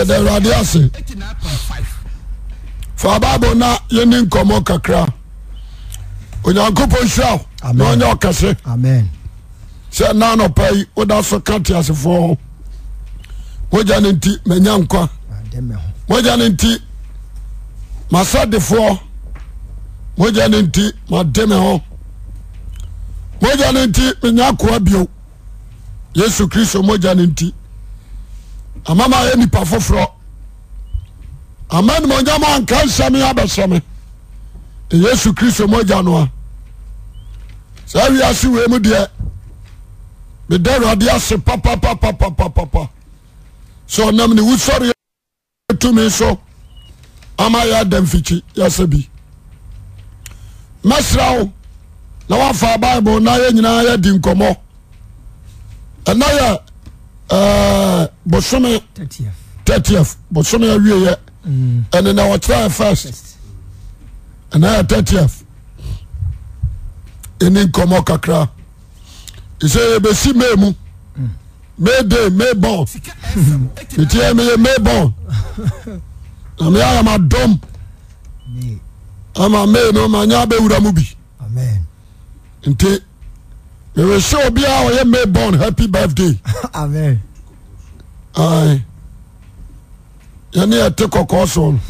ɛde awurade ase fa bible na yɛni nkɔmɔ kakra onyankopɔn hira na ɔnyɛ ɔkɛhye sɛ nanɔpayi woda so ka tiasefoɔ hɔ mogya ne nti manya nkwa mogya ne nti masɛdefoɔ mogya ne nti mademe hɔ mogya ne nti menya koa abio yesu kristo mogya ne nti amama yɛ nipa foforɔ ama nimonyam anka nsɛm abɛsɛme yesu kristo mogya no a saa wiase wei mu deɛ meda awurade ase papapapapapapa sɛ ɔnam ne wusɔre tumi so ama yɛ ada mfikyi yɛsɛ bi mɛsra wo na woafa bible na yɛ nyinaa yɛdi nkɔmmɔ ɛna yɛ bosome ttf bosome awieye ane mm. nawokyera first anya ttf eninkomo kakra ise yebesi memu mede mm. ma bon metie meye ma bon n meyayamadom ama mano meanyan bewura mu bin meweseo biaa ɔyɛ ma bon happy birthdaya ene yɛte kɔkɔ son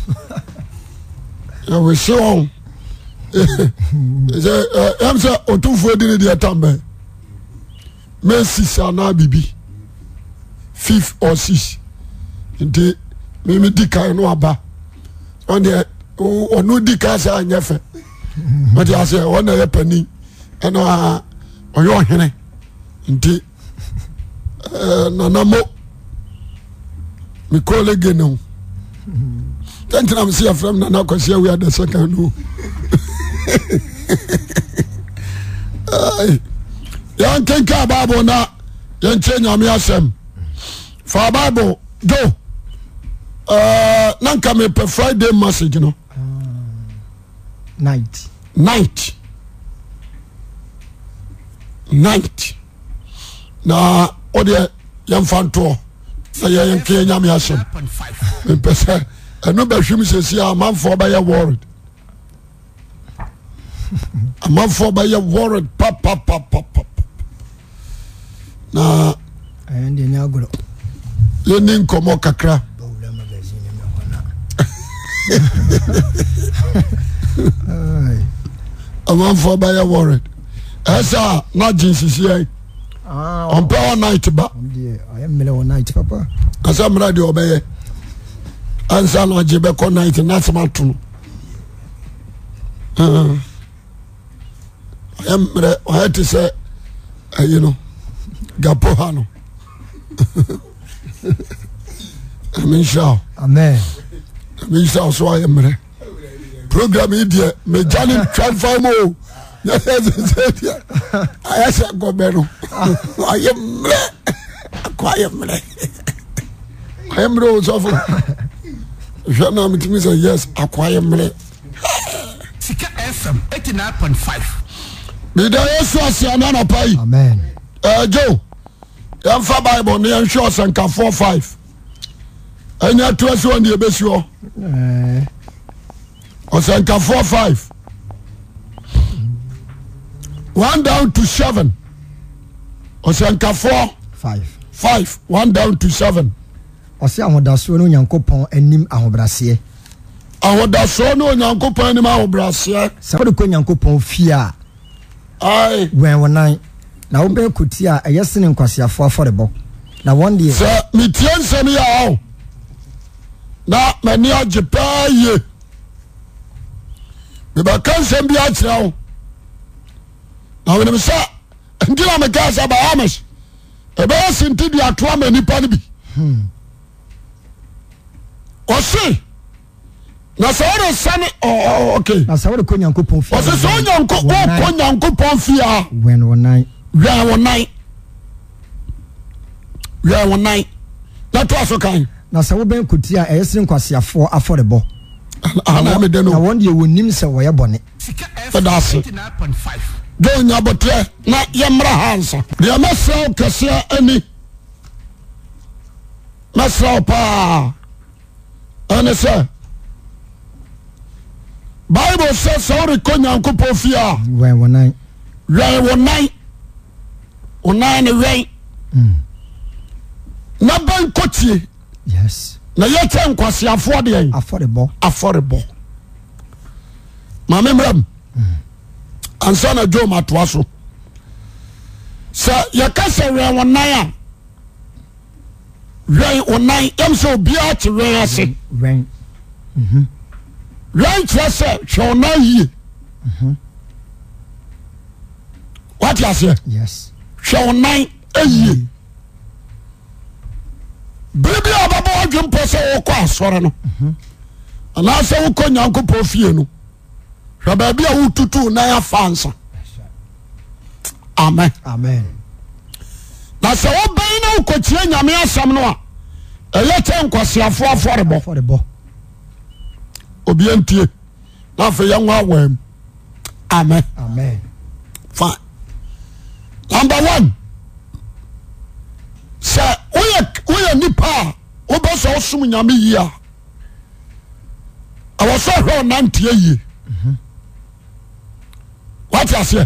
ɛweseoam sɛ otomfuɔ dine deɛ tanba mesis ana bibi fi or six nti memedi kae no aba nd ɔnedi ka sɛ anyɛ fɛ metias wane yɛ pani ɛna ɔyɛ hene nti eh, nana mo mikoɔle geneo te ntina m siɛ frem nana kasia we a desɛkad yankeŋke ababo na yaŋtee nyamea sem faababo jo eh, na ka me pɛ frida masijino ah, ni t na wodeɛ yɛmfa ntoɔ nayɛnke yɛnyame asɛm pɛsɛ ɛne bahwem sesie a amafo bɛyɛ rd amafo bɛyɛ wrd pap na yɛne nkomɔ kakra amafo bɛyɛ wrd esɛ na gen sisiai ɔmpɛ wo nit ba kasa mmera adeɛ obɛyɛ ansa no agye bɛkɔ nit natama atono yɛ mmer ayɛ te sɛ ayino gapoha no amehrao amesrao so ayɛ mmerɛ programeyideɛ megyane twafam mmsf nmetimisyes ako aymmer skm89.5 beda yeso asiane anapai jo yemfa bible ne yehwɛ osenkafo 5ie anye to asewande besio osenkafo 5i one down to seven ɔsɛnkafoɔ five five one down to seven. ɔsɛ ahodasoɔ ne onyankopɔn anim ahobraseɛ ahodasoɔ ne onyankopɔn anim ahobraseɛ sɛ wode kɔ onyankopɔn fie a ae wɛn wo nan na wobɛyɛ kɔti a ɛyɛ sene nkwaseafoɔ afɔrebɔ na wɔn deɛ sɛ metie nsɛm yɛ ao na m'ani agye paa yie mebɛka nsɛm bi akyerɛ wo sɛ ntina meka sɛ baa bɛyɛ sente duatoa ma nipa n bisɛwoɛwoeɔ yɔɛ nyankopɔn fieana tso n sɛ wobɛnkota ɛyɛ sre nkwaseafoɔ afɔrebɔde nsɛ wɔyɛ bɔnes do nyaboterɛ na yɛmra hansa deɛ mɛsraw kesea ani mesrawo paa ane sɛ bible sɛ sɛ wore kɔ nyankupɔn fie a wɛn wonan onai ne wɛn mm. na bɛn kotie na yɛtɛ nkwasiafoɔ deɛ afɔrebɔ mamemeram mm. ansa na dwoma atoa so sɛ yɛkɛ sɛ wɛn wonan a wɛn wonan yam sɛ obiara ke wɛn ase mhm. wɛn kyerɛ sɛ hwɛ wo nan yie mhm. waate aseɛ hwɛ wonan ayie berɛbiaa wɔbaba wa adwempɔ sɛ wokɔ asɔre no mhm. anaasɛ wokɔ nyankopɔn fieno hwɛbaabi a wotutu nafa nsa ame na sɛ wobɛi no wokokyiɛ nyame asɛm no a ɛyɛ kɛ nkoseafoɔ fɔreɔrebɔ obiantie na afei yɛwo awaa m am numbe o sɛ woyɛ nnipa a wobɛ sɛ wosom nyame yi a ɛwɔso hwɛ nantiɛ yie wteaseɛ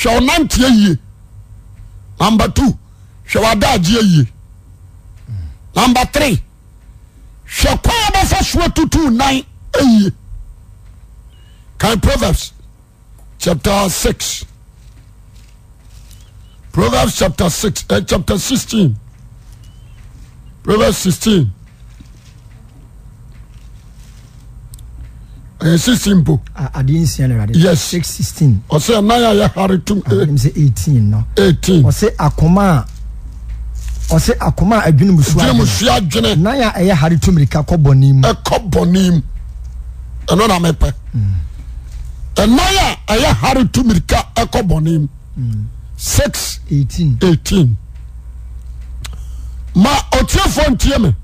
hwɛwo nante ayie numbe tw hwɛ w'adagye ayie numbe th hwɛ kaa bɛsɛ soa totu nan ayie kai proverbs chapte s proverbs chapt 6 chapter 6 proverb 16 ɛyɛ sisi mpo. adeɛ nsia na ɛwɛ yes six sixteen. ɔsɛ nan a yɛhare tum. ɛnim eighteen no. eighteen. ɔsɛ akoma ɔsɛ akoma a adwene mu nan a ɛyɛ hare tum rika kɔ bɔ nim. ɛkɔ eh, bɔ nim ɛno na mɛpɛ. ɛnan mm. eh, a ɛyɛ hare tum rika ɛkɔ eh, bɔ nim. Mm. six eighteen. eighteen. ma ɔtiɛfoɔ ntiɛ mi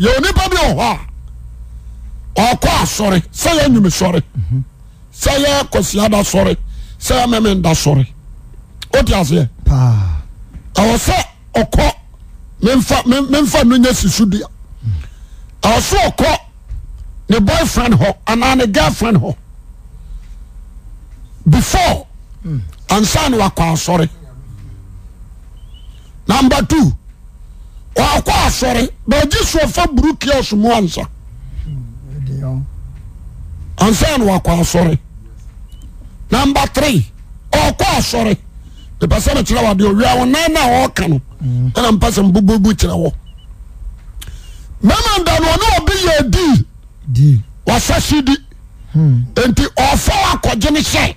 yɛ onipa bi wɔ hɔ a. sɛ yɛ sɔre sɛ yɛ kosia da sɔre sɛ yɛmemeda sɔre oti aseɛ ɛwɔ sɛ ɔk memfa noya si sodea wɔsɛ ɔkɔ ne boy friend h ana ne gi friend hɔ before hmm. ansa ne wakɔasɔre nambe two ɔakɔ asɔre bɛtagye soo fa buro ki somu ansa ansa na wakɔ asɔre namba thre ɔkɔ asɔre ipɛ sɛme kyerɛ wade wiawo nana ɔkano ana mm. mpa sɛm bobobu kyerɛ wo memandanoɔne wɔbi yɛ dii wasa sedi hmm. enti ɔfa waakɔgyene hɛ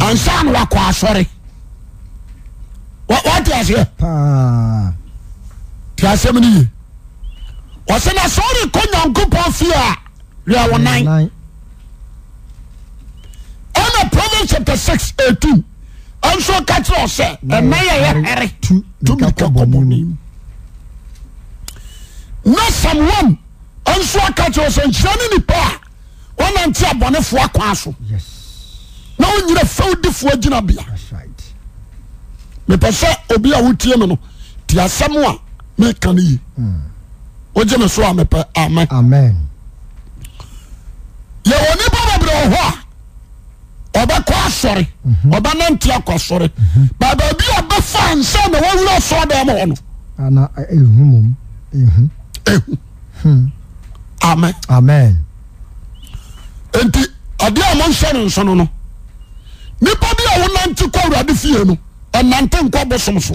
ansa na wakɔ asɔre watiasɛ sɛna sɛworekɔ nyankpɔ fie a ɛaw ɛna po chapte 6 a2 ansua ka keɛ o sɛ ɛmɛyɛɛ re na sam o ansuwa ka kyerɛ o sɛ nhyira no nipa a ɔnante abɔnefoɔ akwa so na ɔnyira fɛ difoɔ agyinabia mipɛ sɛ obi a wotie me no tiasɛm a mekane yi hmm. oyonip babɛhoa ɔbɛkɔ asɔre mhm. ɔbɛnantiako asɔre mhm. babaabiabefa nsana wawura so demohonoe eh, eh, hmm. enti ade monsore nso no no nipa bia wonanke kowrade fieno ɔnante nkobo som so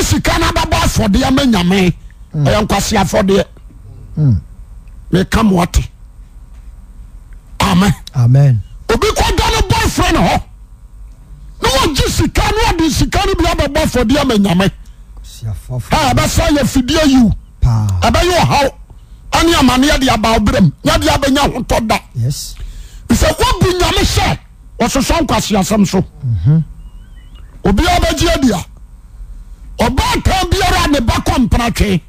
Mm. Mm. sika no bbɔ fɔdɛma yam ynkwasiafɔdɛka obian bofrin hɔ n ge sika d sikaɔfɔdɛaaɛsɛ yɛfidii ɛɛu yamɛ ssnksiɛ ibɛgyadia ɔba ta biara neba ko mpra twe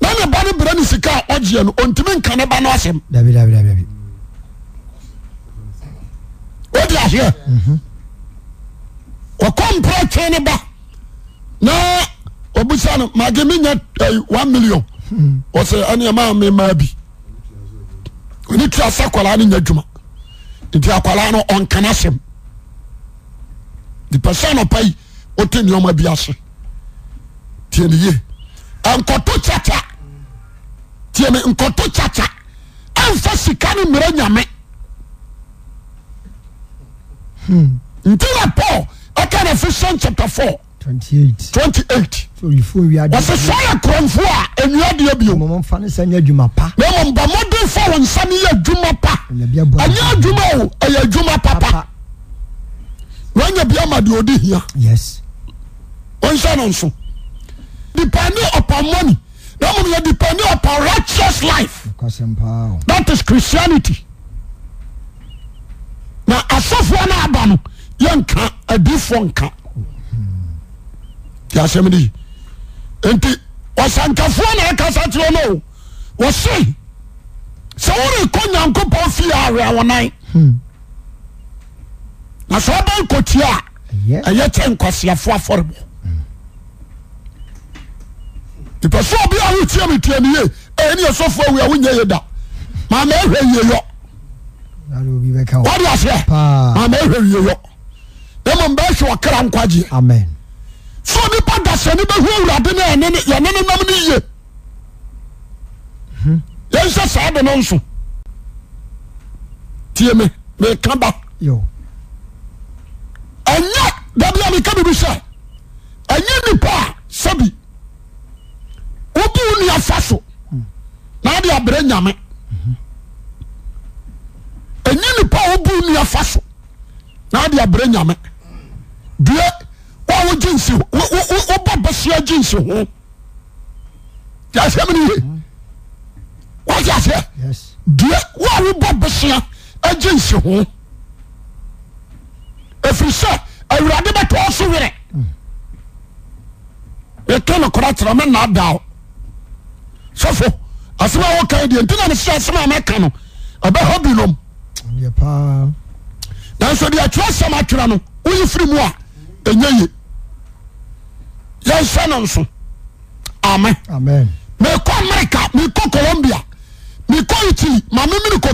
na nebane brane sika jea no ontimi nkane bano asem od ahe k pra twe ne ba na bisa no mage meya eh, on million sɛ anama memabi ɛne tuasɛ kala no ya dwuma ntakwala n ɔnkane sem pasanpai wot nma bi ase n ankto caa amfa sika ne mmira yame ntina po akanafo sen chap f sosoayɛ krnfoɔ a anuadea bmbamɔdefo o nsane ya adwuma pa ya adwuma o ay dwuma anya bia madeodehia dn pnmonedep pn rihteous life that is christianity na asɔfoɔ na aba no yɛnka adifoɔ nka nti ɔsankafoɔ na akasa te noo wɔse sɛ worekɔ nyankopɔn fiea weawɔnan na sɛ wabɛ nktue a ɛyɛ te nkɔseafo afɔreb sobihotiam tian nsfowyya amaryey a mahwekra nkoa so nipa dasne bhuwurannen nam no ye yesɛ sa dono nso tiem meka ba ya daa meka bibu sɛ aye nipo a sabi yenipa wobu niafasw besea aensi ho mn waawob besia agensi ho efiri sɛ awurade beto so were etone mm. kratera mena da sofo asmokdtinmeɛsemmka bɛha bino dtra sɛm terao woi fere m yye yeso no so me meko merika meko colombia meko italy mammine koi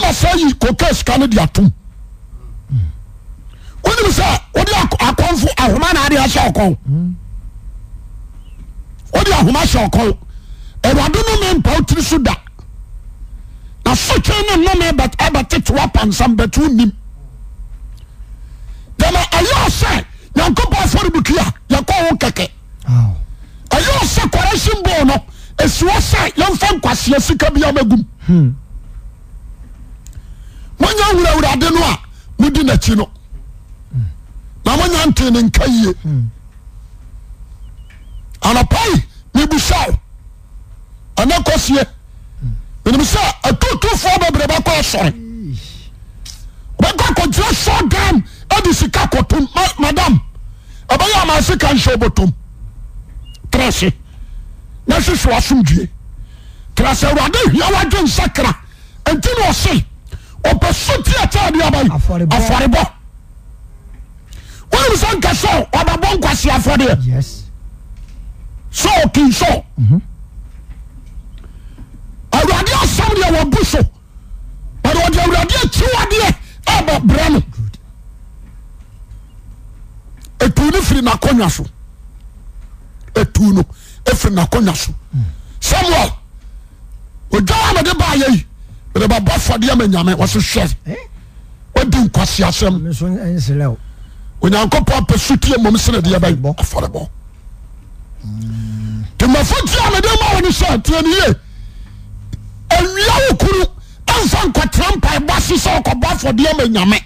o sa deto onsɛwoeɛeahoma hyɛkɔ uade nomempa wotiri so da nasotwi no naebɛtetowa pansa batoo ni amasɛ nyankopɔ fɔrbkyɛɔkɛkɛsɛ s snɛmfa nkwasea sikabiamaguarre hmm. mdenati no amo yantne kaye anapai mebusoo ane kosie enemse atoto fo brebksere bkode sogn adisikako to madam abeya mase kensebotom trese na sesewasondue trsede i wansakra ntin ose ope sottdafrebo wmsonkɛsɛ wbabɔ nkwasiafɔdeɛ so ki so awuradi e asamdeɛwabu so butdaawurade akiwadeɛ ɛbbra no atu no mm. firi nakoa so tno ɛfiri nakoa so samue oaw made bayei debabɔfɔdeɛ ma nyame wsehwɛ wadi nkwasiasɛm oyankopo pasupiemsene dotmemnse ao k anotrampasdm yame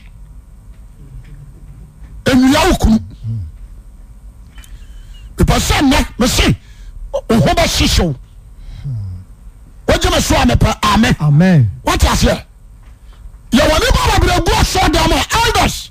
ao k esene mese hobesese yemesoaeelders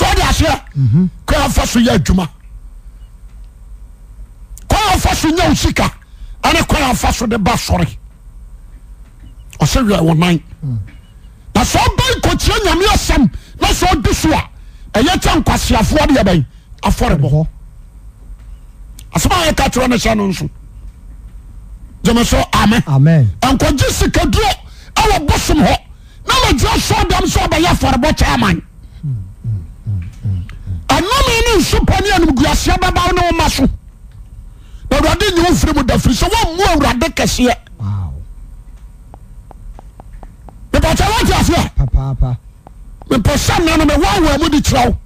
sdes kofa so yɛ aduma o fa so ysik n kofa so de ba sɔre seye ons a yameɛ se isya nkwasiaf afɔrebɔ asmkatɛ ne sɛno ns emso nsisohmyɛfreɔc anome ne nsopɔ ne animguaseɛ bɛbaw ne woma so na awurade nye wo firi mu dafiri sɛ wommu awurade kɛseɛ mepɛkyɛ wote aseɛ mepɛ sɛ nna no mewawaa mu de kyerɛ wo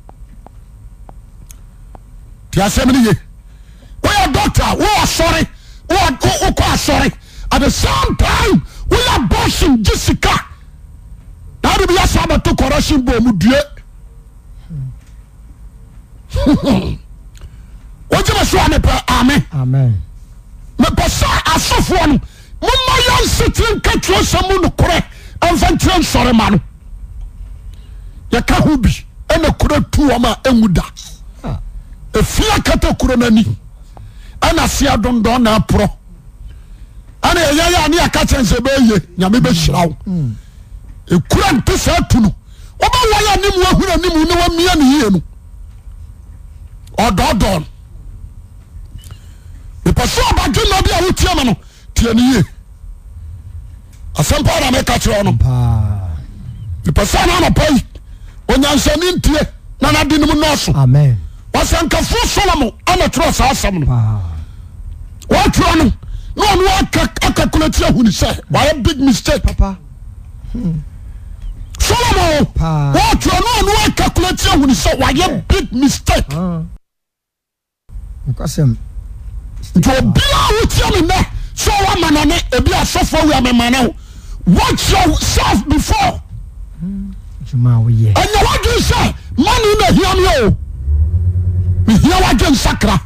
nti asɛm no ye woyɛ dɔkta wowɔ sɔre wokɔ asɔre at the same time woyɛ bɔsen gye sika na wode biyɛ saa bɛto bɔ mu due woyeme sowanepɛ ame mepɛ sa asofo no moma ya nsetre nkatuo samu nokr mfatire nsorema o ykahobi ne kratuda fie kata kromni na seadondon depasobajonbwotieman tianye smpakarn epso npa yansonentie nndinmns sankafu solm natrosasa tnkaa hunsbi isk solom tnnkakati hun se waye big mistake nobia wotiami me sowamanane ia sofo weamman watch yorself before nyawoan sɛ mane na ahia mo mhia wa sakra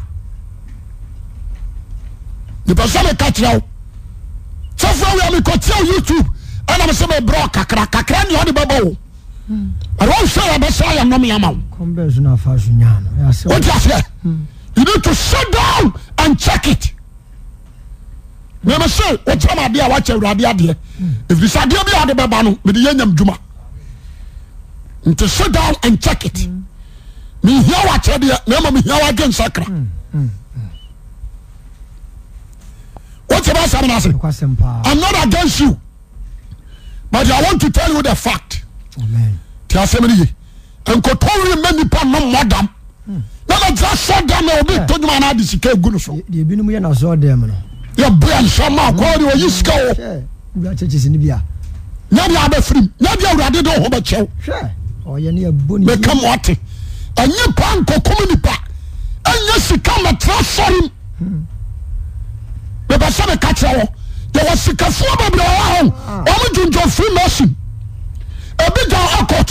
n somkakrɛ sfo mt youtbe nrɛ karra nɛsɛyɛnam une to sit down an cek it mese kyaua sitdown ane hikɛra asɛn imnot against you but i wan to el you the facte ma nipnoɔdam wọn bɛ gyina sɔ dan na obi to juma na adi sika egu ne so. deɛ ebinom yɛ na sɔ dan mu no. yɛ bu ɛnhyɛ maa kɔɔ de oyi sika o. wura kyekye si ni bia. nyɛ bi abɛfirim nyɛ bi awurade de ɔhɔ bɛ kyɛw. hwɛ ɔyɛ ne yɛ bɔ ne. mɛ kama ɔte ɛnyɛ pa nkɔkɔm nipa ɛnyɛ sika mɛ tera sɔrim. bɛbɛ sɛ bɛ kakyɛ wɔ yɛwɔ sikafoɔ bɛbi ɔwɔ hɔ ɔmo dundun firi nɔɔsin ebi gya ɔkɔt.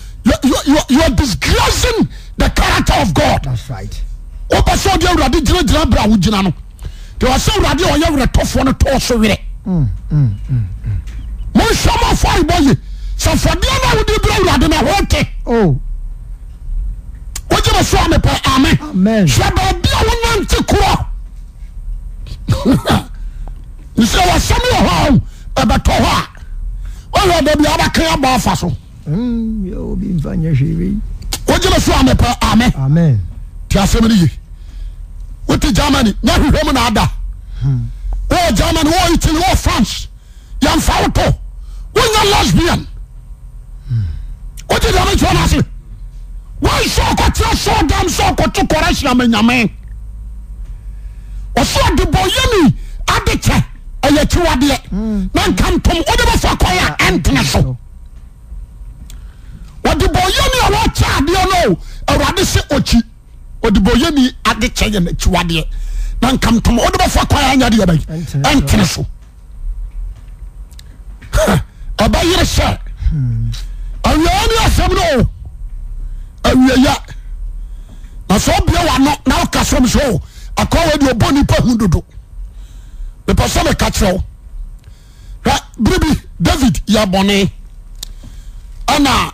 youisgrain the caracte of g woɛsɛdewrde ginaina brho gina no wɔsɛ wrea ɔyɛ werɛtɔfoɔ no tɔ soerɛ mohɛfabɔ y sɛfɔdeɛ nwo brwrde nhot wogyeme so a mep ae hwɛ baaia wo nante korɔ sɛ wsɛmh ɛbɛtɔ hɔ a ba biabɛkaba afa so Hmm, oine somɛ ti asɛmineye wote germany yeheamnada hmm. germany italyɔ franse yamfawt wonya losbian damts ɛktɛsmɛkt krasama nyame ɔsɛdbɔ yani adekɛ ɛyɛ kiwadlɛ hmm. nakant odebɛf kɔyɛ ɛntneso wode bɔ yani awɔ kyaadeɛ no awurade sɛ okyi odebɔni aekɛiɛ eɛ ntene so ɛbɛyere sɛ awiraya ne asɛm no awiaya nasɛ oaɛo epɛ sɛ meɛka kerɛ o berɛ bi david yɛ bɔne ana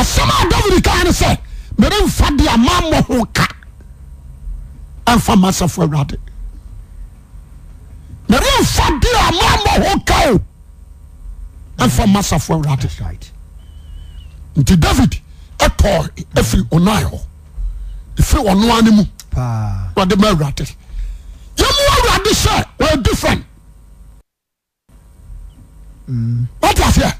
asɛm a david kaya ne sɛ mere mfadea mamɔ ho ka ɛmfa masafoɔ awurade meremfadea mamɔ ho ka o ɛmfa masafoɔ awurade nti david ɛtɔ afiri onaiɔ ɛfi ɔnoa no muaade ma wrade yɛmuawurade sɛ ɛ differen mm. tafia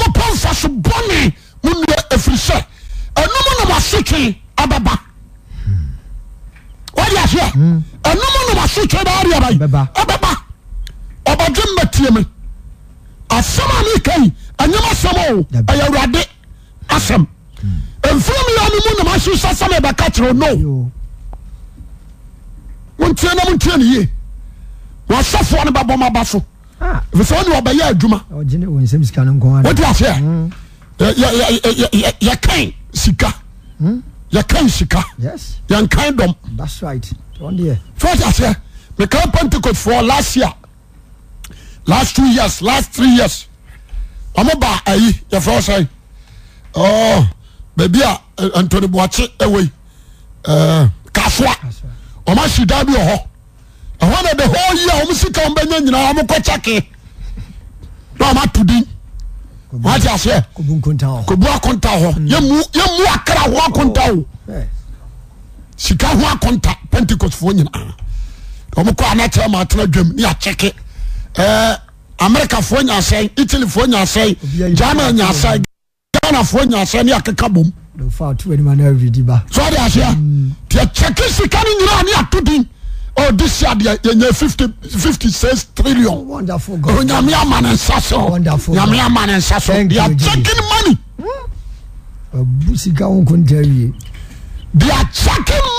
mopomfese bone mun ɛfiri sɛ anumnom asotwe ababa sɛ anmnmsw bba baemmatiem asam amik anyam sam ywrade asem hmm. frimmmunmesasameɛkakerɛn motinmotinye safo n bambaso fsɛane wɔbɛyɛ adwumawoti asɛ yɛka sika mm. yɛka sika mm. yɛnkan dɔm fotiasɛ meka penticot foɔ lasia last t years last tr years ɔmo ba ayi yɛfɛsɛi babia antoni boakye awei kasoa mahidawbi sikyiek sa e odesiabia yɛnyɛ 5s trillionakkin mone dia kyɛken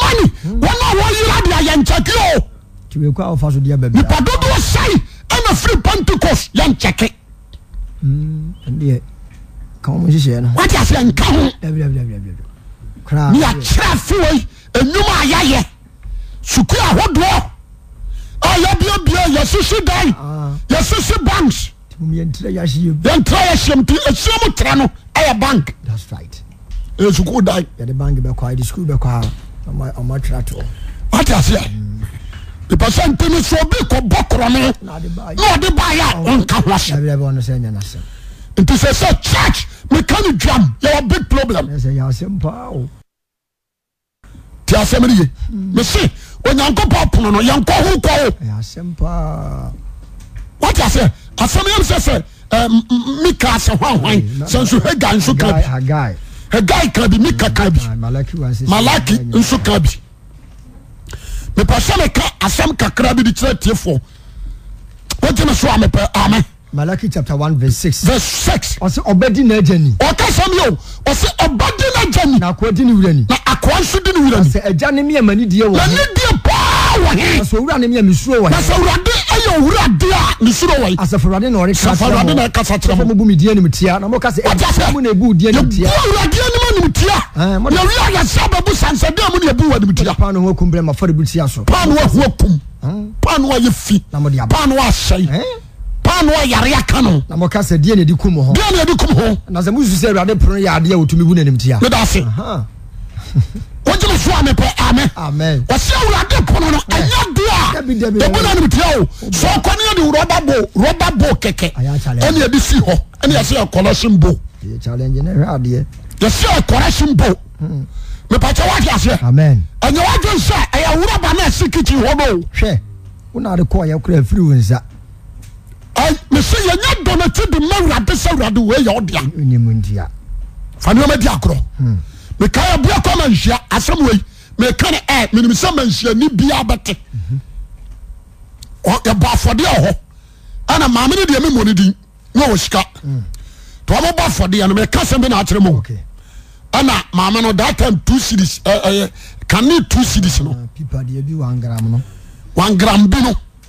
mane ɔne wɔyera dea yɛnkyɛke oipa dodoɔ sɛi ɛnɛ fre penticas yɛ nkyɛkedeasɛ nka honiakyerɛ fiwei anwum ayɛyɛ sukuu ahodoɔ yɛbiabia yɛsese dai ah. yɛsese banks yɛntra yɛsyɛmnti ɛsiam tra no ayɛ bank yɛ suku daasɛ pɛ sɛ ntino sɛ obekɔbɔ korɔ no na ɔde ba ɛ ɔnka hos nti sɛ sɛ church mekane dwam yɛwɔ big problem y asem reye mese onyankopɔn pono no yɛnko ho koo watase asem yem sɛ sɛ mika se hahain sanso hega nso ka hegai ka bi mika kan bi malake nso kan bi mepɛ semeka asem kakra bide kyerɛ tie fo wetime sowa mepɛ ame Malachi chapter one verse six. verse six. ọsẹ ọbẹ di n'ẹjẹ ni. ọkà sami o ọsẹ ọba di n'ẹjẹ ni. na akọ di ni wura ni. na akọ nso di ni wura ni. ọsẹ ẹja ni mi yẹ mẹ ni diẹ wọ. na ni diẹ paa wọ he. ọsẹ owura ni mi mi suro wọ he. ọsẹ owurade ɛyɛ owurade a ne suro wɔ yi. asafurade na ɔre kasa kyerɛ mo asafurade na kasa kyerɛ mo. sɔfɔ mo bu mi diɛ nimu tia na mo kasi na ebu diɛ nimu tia. yɛ bu awurade anim anim tia. yɛwi ayasa bɛ bu sansɛden mu na ebu wɔ nimu tia. paanu wo kun bɛrɛ ma fɔri bi tia so. paanu wo kun paanu wo ayɛ fi paanu wo e e e kesa mese yɛnyɛ dɔnati de ma wurade sɛ wurade wei yɛ ɔdea fa nneɛma di akorɔ hmm. mekae abua kɔ ma nhyia asɛm wei meka ne ɛ menim sɛ manhyiani biaa bɛte yɛbɔ mhm. afɔdeɛ wɔ hɔ ana maame no deɛ memɔ no din na ɔwɔ sika hmm. nti wɔmɔbɔ afɔdeɛ no meka sɛm bi na akyerɛ mu ana maame no that time two series ɛɛ kane two series no one ah, gram bi no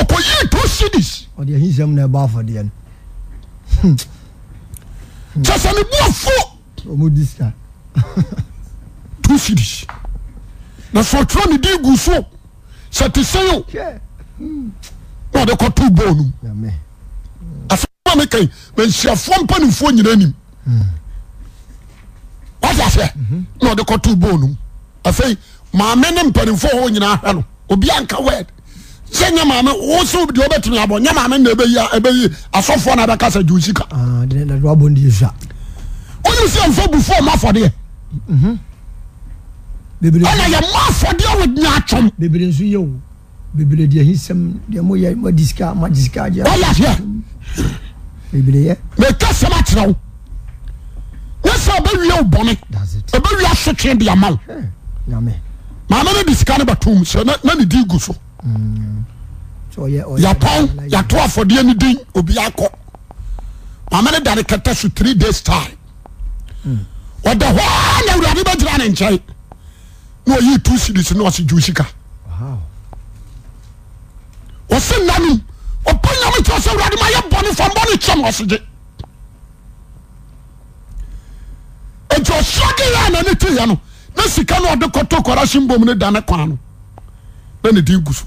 okoyii to sedees kɛsɛnobuafo t cdis na so ɔturɛ no hmm. Hmm. di gu so sɛ tesei hmm. neɔdekto bɔn masiafo mpanifo nyinani ts mhm. naɔdkto bɔn aei maameno mpanifohɔnyina hanoanka seyemame sd obetimiab yemamen eyi asufonkase eikesfa mafodnye mafode wo yatwomekesem atserɛo nesa bewi o bonebewi asute dea mal mame ne diska mhm. ne batomsenanedigu so yɛpɔn yɛto afɔdeɛ no din obi akɔ mama no dane kɛtɛ so three days time ɔda hɔ na awurade bɛgyina ne nkyɛn na ɔyii two series na ɔse gyew sika ɔse nna nom ɔpa nyame kyerɛ sɛ awurade ma yɛ bɔne fa mbɔne kyɛm ɔsegye nti ɔsɔge yɛ na ne teyɛ no na sika no ɔde kɔtɔ corruption bom no dane kwan no na ne din gu so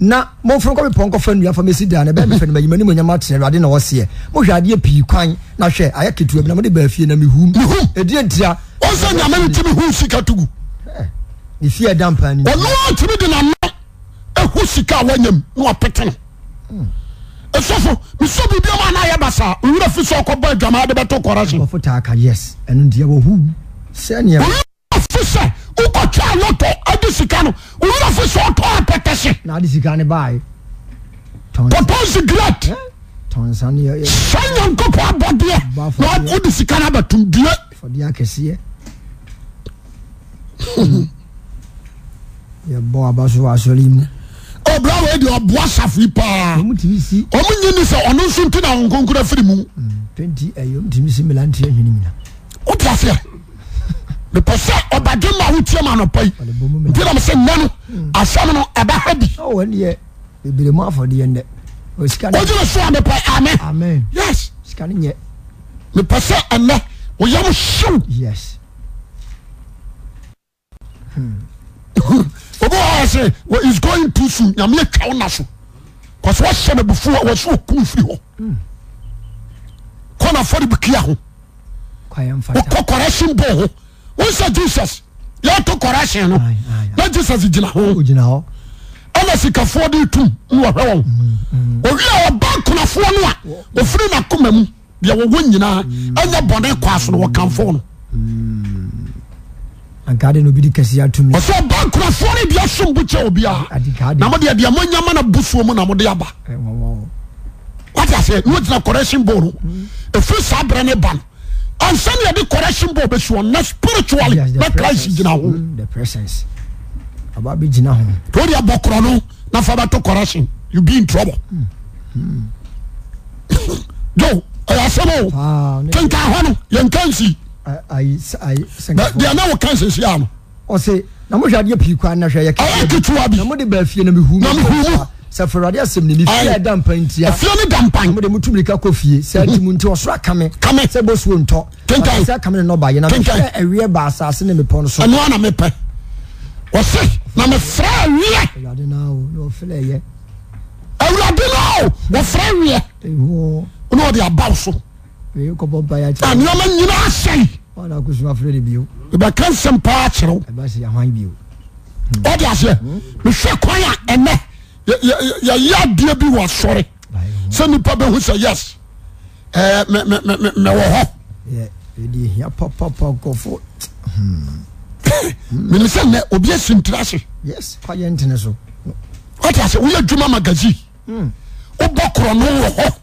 na mo foo nɔbpɔ nkɔfa nafamɛsi dan yan yamt enasɛ mohde pii kwa nahwɛ ayɛke ti mode bafie na mehnska idpt dnn h sikawyan mɛs dnwa ɔtɔn sika no wúlò fún sọ ɔtɔn apɛtɛsɛ. n'adi sika ni báyìí. kɔtɔn sigiret. sɛ nyankopɔ abɔdeɛ na wode sika no abatom due fɔdeɛ akɛseɛ hmm. yɛbɔ aba so wɔ asɔre mu ɔbra wei deɛ ɔboa safo yi paa ɔmo nye ni sɛ ɔno nso nti na wɔnkonkora firi mu hmm, wote aseɛ mepɛ sɛ ɔbadwema ho tiam anɔpaintinemse nano asɛm no abahadiogeno soamep ameye mepɛ sɛ nɛ oyamo sɛ obɛhsis goin to so yameyɛtwawo na so as wahɛm bfowsokum firi h nafore bikia hokore simpo ho wosɛ jesus yɛto correction no na jesus gyina ho ɛna sikafoɔ de tum na wɔhwɛ wɔn owi a ɔba akunafoɔ no a ofiri n'akoma mu deɛ wɔwɔ nyinaa ɛnyɛ bɔne kɔ aso no wɔkamfo no na obi di kɛse atumi. ɔsɛ ɔba nkurafoɔ no bi asom bo obiara na mo deɛ deɛ mo nyama na busuo mu na mo de aba wate aseɛ ne wogyina correction board no ɛfiri saa berɛ ne ba ansa ni yɛde correction bɔ bɛsi wɔn na spiritually na christ gyina ho mm, the presence aba bi gyina ho tori abɔ korɔ no na fa bɛto correction you be in trouble jo ɛyɛ asɛm o kenka hɔ no yɛn kansi deɛ na wɔ kansi si ano. ɔsè na mo hwɛ adeɛ pii kwan na hwɛ yɛ ketewa bi na mo de bɛɛ fie na mi hu mi sɛfɛwurade asɛm ne mefie ɛda mpa ntia ɛfie no da mpan mede motu mirika kɔ fie sɛ mhm. ati mu nti ɔsoro akame kame sɛ bɛsuo ntɔ sɛ kame ne nɔbaeɛ na mefrɛ awiɛ ba asase ne mepɔ no so ɛnoa na mepɛ ɔse na mefrɛ awiɛ awurade no na ɔfrɛ ɛyɛ awurade no wɔfrɛ awiɛ ne ɔde abaw so nneɛma nyinaa hyɛe ɛbɛka nsɛm paa kyerɛw ɔde aseɛ mhm. mehwɛ kwan a ɛnɛ yɛyɛ adeɛ bi wɔ asɔre sɛ nnipa bɛhu sɛ yesmɛwɔ hɔ meni sɛ nɛ obi si ntini ase tas woyɛ dwuma magazi hmm. wobɔ korɔ nowɔ hɔ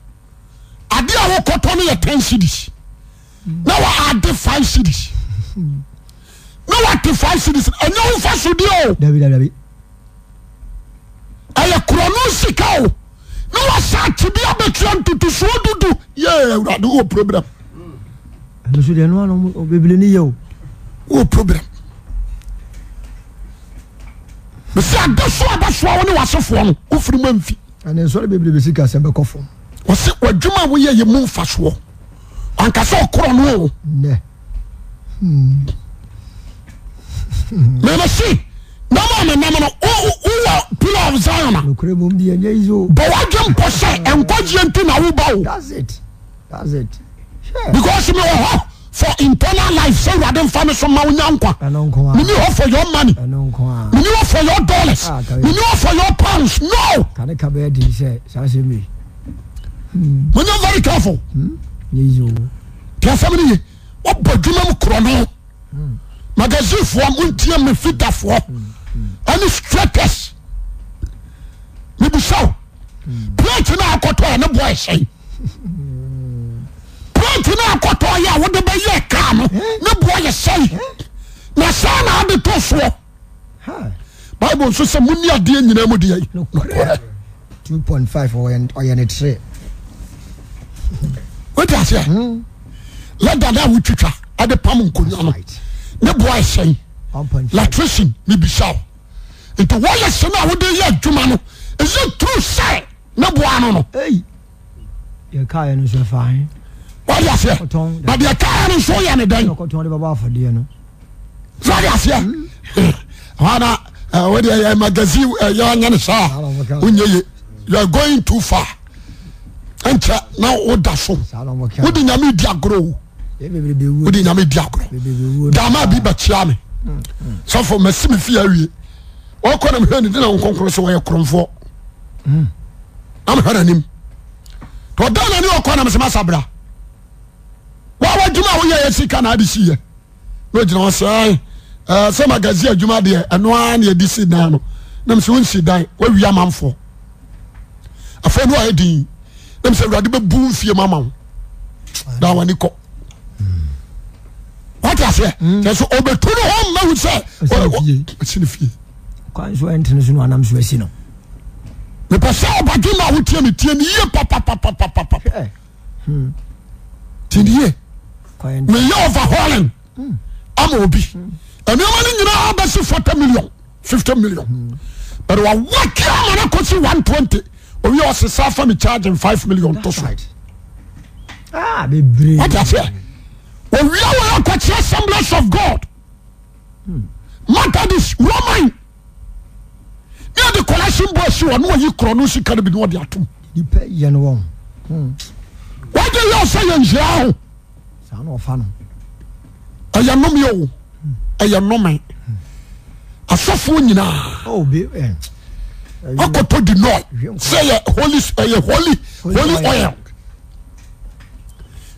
ade a hɔ kɔtɔ no yɛ t0n cedies na waade 5ie cedies ne waate 5ie cedies ɛnyɛho mfa so di o ɛyɛ koro no sikao ne wasakibi abata ntoto suo ddu erade probram prbre mse ade soabosoa wone wsefo no wofiim mfi dwuma woyɛyɛmu fa s nkasɛ koo nowo nom menamo no wowɔ pillar of zaema bowa dwe mpo sɛ ɛnka gyia ntu na woba obecause mehɔho for internal life sɛ awurade mfa no so ma wonya nkwamene h for your money mene h fo your dollers ah, mene h fo your pows no manya very carefl diasɛmino ye woba dwuma mu koro no magasinfoɔ onti me fitafoɔ ɛne states mebisa pɛtw no n oɔ yɛsɛi pɛt n ɔyɛwoɛyɛka o ne boɔ yɛ sɛi na saa naadeto soɔ bible so sɛ monadeɛ yinamuesea ɛdana wotwiwa de hmm. pam nkoao ne boa ɛsɛ litration ne bisaw nti woyɛ sɛme a wode yɛ adwuma no ɛsɛ tru sɛe ne boa no no wodeasɛ na deɛkaɛno so yɛ ne dɛn sɛwde aseɛmagasineɛnyane sɛa wyye yoa goin t fa ɛnkyɛ na woda sowode nyamediagro odeyam diao damabi bekiame sofo maseme fiawie konn ko ye kro nnonse bra auesiwnko watse obetn uwnmsesin ebasa obajunawutmitiniye pa tnyemiyofe hole amobi emimaniyenaabe sfte millin illin but wawaki amana kosi ot0 osi sa fa mi chargen 5 milliontso owia woakɔkyi assemblas of god matadis roman neade koresom boaɛsiw ne wayi korɔ no sika ne bino wde atom wade yɛ sɛ yɛnyira ho ɛyɛ nomyɛwo ɛyɛ nnoma asofo nyinaa akɔtɔ denoi sɛ yɛ holy oil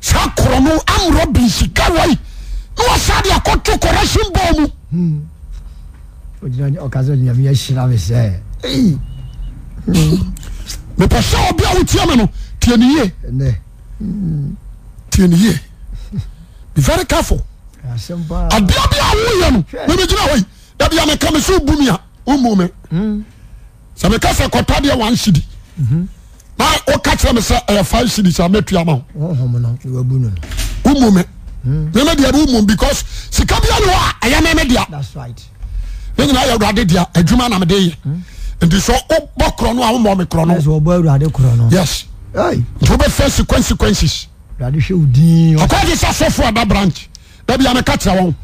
sa korono amoro binsikawai ne wasade akotokodacinbo mu mepo sɛobiaho tie me no tniye tieniye beveri kafo adia biawoye no memeyinai dabiameka mesɛ bumi a omome mhm. s meke se kotadeɛ wansedi mhm. na woka kyerɛ me sɛ ɛyɛ eh, five cities a mɛtua ma wo oh, oh, womu me hmm. meme deɛ ne womu because sika bia ne hɔ a ɛyɛ meme dea ne nyinaa yɛ awurade dea adwuma na mede yɛ hmm. nti sɛ wobɔ korɔ no a womɔ me korɔ no yes nti wobɛfa sequensequences ɔkɔgye sɛ sɔfoɔ ada branch da bia meka kyerɛ wɔn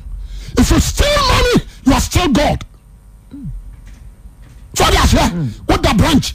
if you steal money you are still god hmm. sɛ ɔde aserɛ woda branch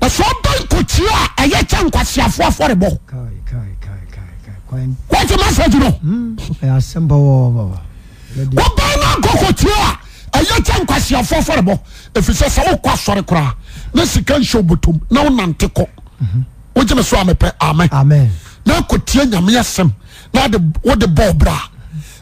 nso wobe kotie a ɛyɛ ka nkwasiafofɔrebɔ wote masegi no wobɛ no nk kotie a ɛyɛ ka nkwasiafoforebɔ ɛfiisɛ sɛ wokɔ sɔre koraa ne sika nse oboto na wonanteko mhm. wojeme soa mepe ame na kotie nyame sem nwode bo bera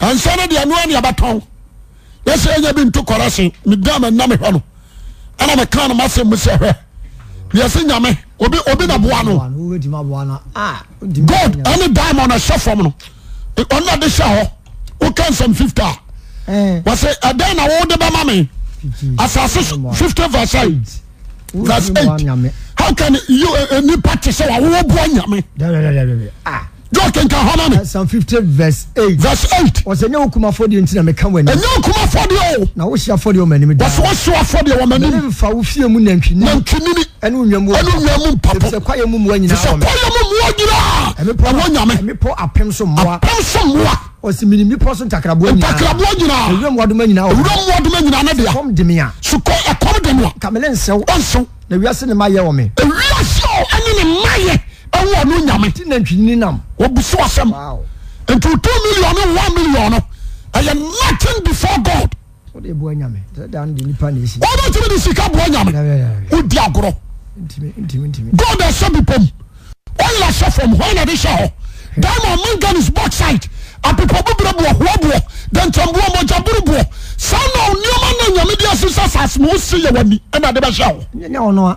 ansa no deɛ noa neabɛtɔn yɛ sɛ ɛnya bi nto kɔra se meda manna mehwɛ no ana meka no masɛm mu sɛ hwɛ yɛsɛ nyame obi na boa no ah, gold ane diamond ɛhyɛ fam no ɔno de hyɛ hɔ woka nsɛm 50 a eh. wɔsɛ ɛdɛn na wode bɛma me asase 50 verse 8 verse 8 how can you eh, eh, nipa te sɛ wawoɔ boa nyame ah. wne ɛwɔ ɔno nyame ti na ntwini nam wɔbusu ɔsɛm nti two million ne one million no ɛyɛ nothing before god wɔbɛtumi de sika boa nyame wodi agorɔ god ɛsɛ bipam ɔyɛ hyɛ fam hɔ na de hyɛ hɔ diamond mangan is box side apepa bubere boɔ hoa boɔ dɛntɛmboɔ mɔgya buru boɔ saa na nneɛma na nyame de asesa saase ma osi yɛ w'ani ɛna de bɛhyɛ hɔ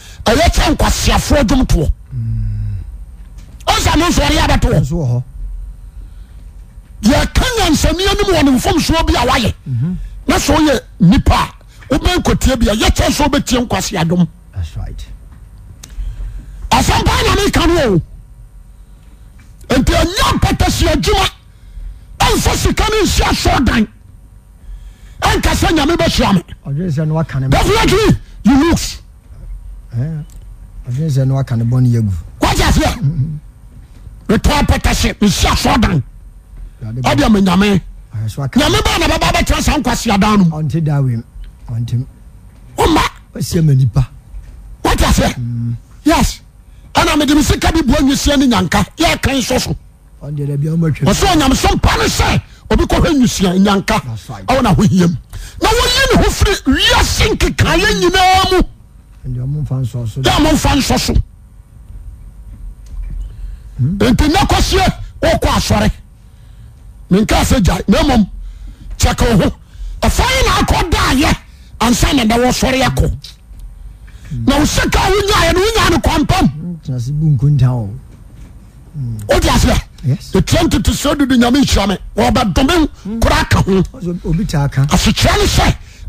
ɛyɛ kyɛ nkwaseafoɔ dwomtoɔ ɔsa mo nsɔre abɛtoɔ yɛka nyansania no mu wɔ ne mfomsoɔ bi a wayɛ na sɛ woyɛ nnipa a wobɛnkotie bia yɛkyɛ sɛ wobɛtie nkwaseadom asɛmpa na meka no o nti ɛnya mpatasi adwuma ɛmfa sika no nsi asɔ dan ɛnka sɛ nyame bɛhyia me definitely you looks wtaseɛ metapɔ tase mesiaso danabama yameyame bana bababɛtrasanko seda nommawtasɛye ana mede mese ka biboa e sia no yaka yɛkas sosɛnyamsopa nsɛ obkɔɛ sa ykawnhwyi n ofriskaɛyi mofa nso so pina kosie wokɔ asɔre meka sɛ ja mamo cheke oho afayinaakɔ dayɛ ansanene wo sɔreyako na woseka woyayn woyano kwanpamodas ntt so dudu nyame syirame obadome koraka hoaskyans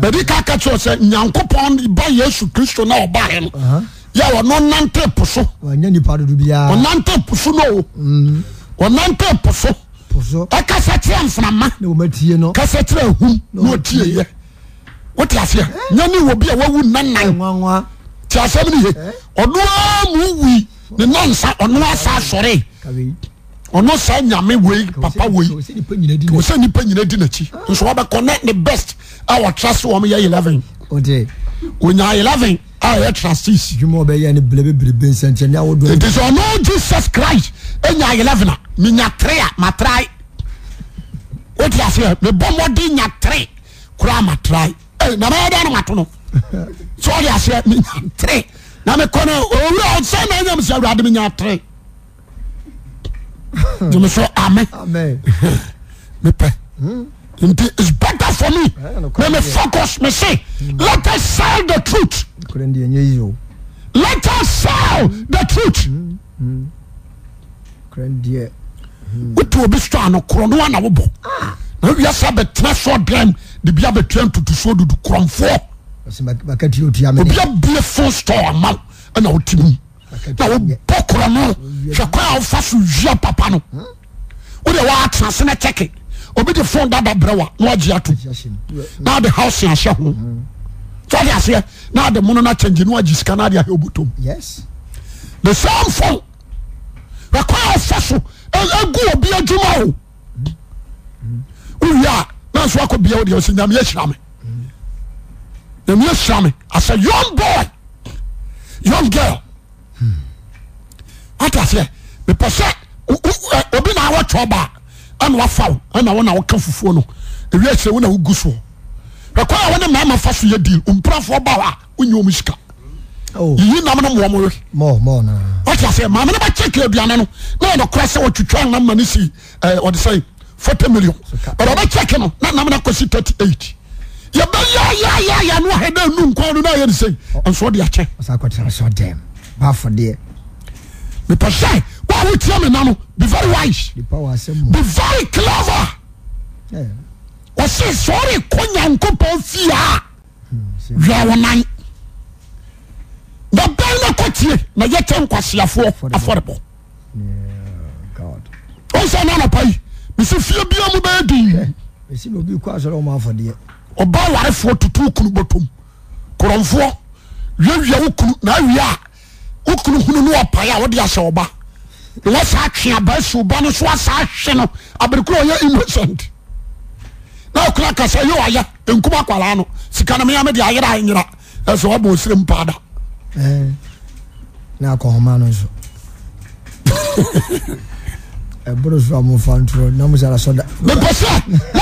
bɛdi kaka tiɛ sɛ nyankopɔn ba yesu kristo na ɔbare no yɛ wɔno nante po sonantepo so noo nante po so ɛkasɛterɛ mfonama kasatire hu na tieɛ woteasea yanewɔ bia wawu nnanana ti asɛm neei eh? ɔdoa mu wii ne nansa ɔno asa sɔre onese yame we papa wese nipa yena dinki sooe connete best otrusoe11n jesus crist ya 1 ea tr r ed yatr emso ame mp nti is better for me meme eh, focus me se hmm. lets sell the truth lets sell hmm. the truth woteobi hmm. stoano krono anawob ah. nowisa betena sodim debiabetantutuso dudu kromfoobiabefo storman na woɔkro no hwɛ kwan a wofa so wia papa no wode waaterase no cyeke obide fon dadabrɛw na eatoade uthe sam fon wɛ kwa awfa so e, gubidwumao wowi a wk biawra sɛ yon boy youn girl ates epa se binwato ba nafa e nao epse wawotiamenanbvr ie ver clv ɔse sore ko nyankopɔn siaa ewonan nabɛnnokotie mayɛtenkwasiafoɔafɔrebɔ snnapai mise fie bimu bɛdi bawarefo totwok krfo iawokru nwia okenehunu no apaea wode asɛoba nawasa twe basbano so wasa hwe no abrkura yɛ inosent na koakasa yeyɛ nkuma kwala no sikanomiamde ayerɛnyera sɛ wab sre padaepɛs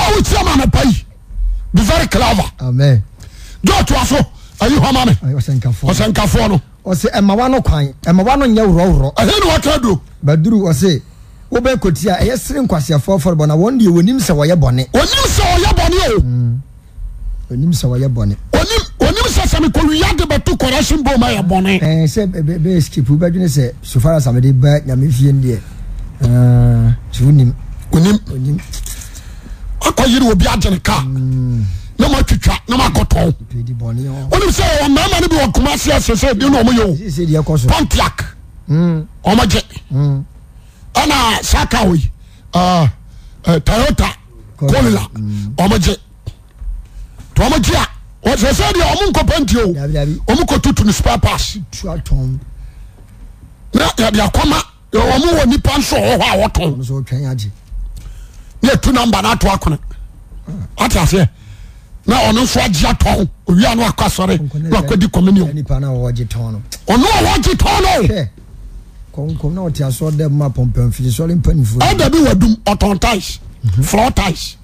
awotiama na pai devere clave do tua so ai homasnkafo ɔsɛ ɛma wa no kwan ɛma wa no nyɛ worɔworɔ. ɛhɛn ni waka do. baduru ɔsɛ wobɛ koti a ɛyɛ sere nkwasiafoɔ afɔrebɔ na wɔn deɛ wɔnim sɛ wɔyɛ bɔne. wɔnim sɛ wɔyɛ bɔne o. Mm. wɔnim sɛ wɔyɛ bɔne. wɔnim wɔnim sɛ sami kɔwia de bɛ to kɔrɛsi bɔ ma yɛ bɔne. ɛɛ sɛ bɛ bɛ skipu bɛ dwene sɛ sofara samedi ba nyame fie n deɛ ɛɛ tuunim. onim onim akɔ yiri obi agyene kaa. Mm. nematitwa nemo ko to on se mamane biokomassesedinomoy pontiac omeje an sakae tayota kolila omeje t omjea sese d omo nkopantiy omkototu ne spapas biakoma omo wo nipa nsoohowoto meyatu na mbane to kone atas ɔno nsoagyea to wia no aksɔre n akɔdi comunnwɔgy tonada bi wadumtoti floti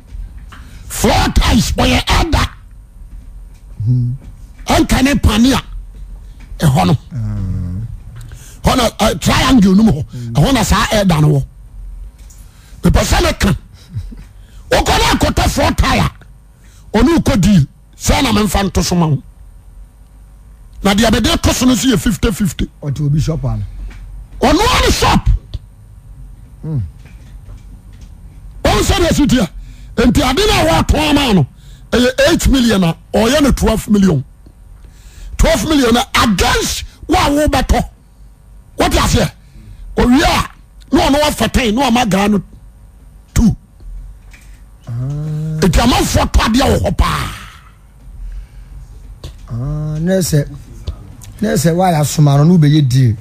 flortise yɛ ada ɛnkane pania hn trionglenum hɛsaaada nw bep sɛneka koneakɔta frotie nmfa mtoso mao nadeabede tosono so yɛ 5050 onoane sop nseneasutea enti adenwatomano yɛ e million a oyɛno 2 million 2 million a against wawo beto watas wia n onewafete nwmagran mafɔ tadiahɔ paasɛ wyɛ asoma ne yɛ ndea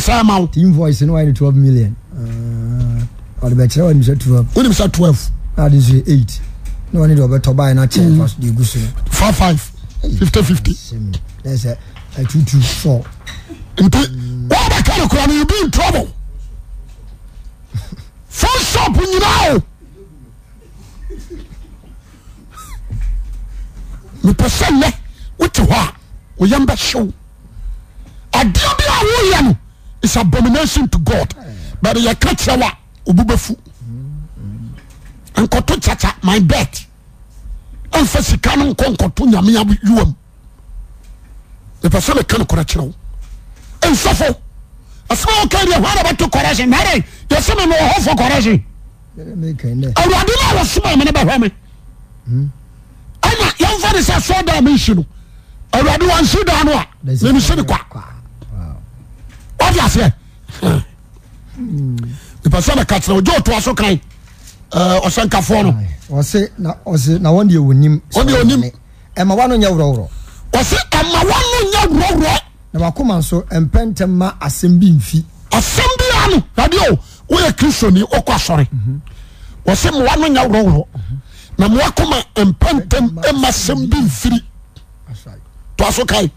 sanɛan ɔmaasin naiaaaɛɛk 55050 nti obɛkanokrano yobntroble fosop yina o mepo sɛnnɛ wote hɔ a woyam bɛhyɛ adibiawoyɛ no is abomination to god butyɛka kyeɛ w a obafnoaa mye mfa sika no konkoto yamea yoam nepe seme kane kore kireo nsofo smkt sefo re rdsimmn me n ymfede se soda me si no rade wnsidan msen ka sepskatso k Eh, ɔsɛnkafoɔ no ɔse na ɔse na wɔn deɛ onim wɔn deɛ onim ɛma wɔn ano nyɛ worɔworɔ ɔse ɛma wɔn ano nyɛ worɔworɔ na wakoma nso mpɛntɛm ma asɛm bi nfi asɛm bi ano radio woyɛ kristoni okɔ asɔre ɔse ma wɔn ano nyɛ worɔworɔ na ma wakoma mpɛntɛm ma asɛm bi nfiri to aso kae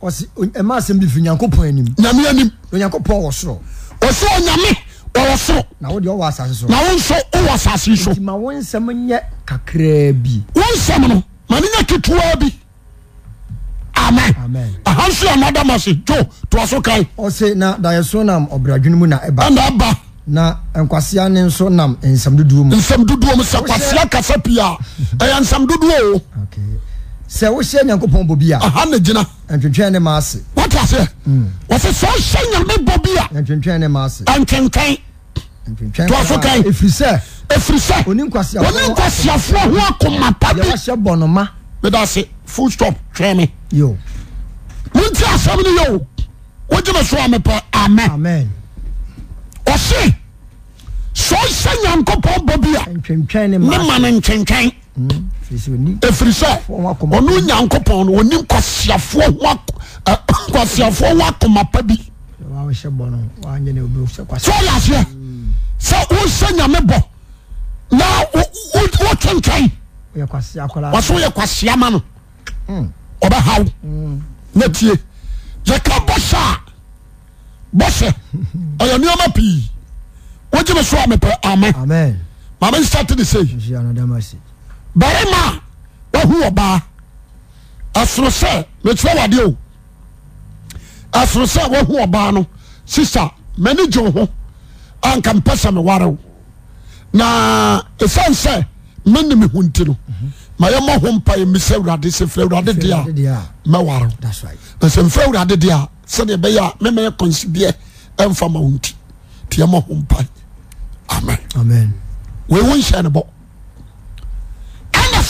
ɔse ɛma asɛm bi nfiri nyankopɔn anim nyame anim onyankopɔn wɔ soro ɔse ɔnyame. wsonwod wɔ sase sonwoso wowɔ sase soti ma wonsɛm yɛ kakraa bi wonsɛm no mano nyɛ keteaa bi ama ahanso anɔda mase o toa so kan ɔse na dayɛso nam ɔbrɛadwene mu na ɛbadaba na nkwasea ne nso nam nsɛm doduo munsɛmdodo m sɛkwasea kasa pii a ɛyɛ nsamdodoo o Hmm. sɛ wohyɛ nyankopɔ bɔbi agina ntwetwɛn ne masewwhy bɔ noma f twmgmsoyw ntww ɛfiri mm. sɛ ɔne nyankopɔn no onim kwasiafoɔ wo akoma pa biso oyɛ aseɛ sɛ wosɛ nyame bɔ na wotwentwɛn waso woyɛ kwasea ma no mm. ɔbɛhaw mm. natie yɛka bosɛ a bɔsɛ ayneama pii wogyeme so a mepɛ ame mmtd si bɛrema wahu ɔ baa ɛsoro sɛ meterɛ wade o ɛsoro sɛ wahu ɔ baa no sista m'ani gyewo ho anka mpɛsɛ me wareo na ɛsiane sɛ menem ho ntino mayɛma ho pamsɛ wrdesɛfrɛwradedeɛ a mɛware sɛmfrɛ wradedeɛ a sɛdeɛ ɛbɛyɛ memɛyɛ konsebiɛ mfama wonti nti yɛmɔ ho pae amen eiw nhyɛ no bɔ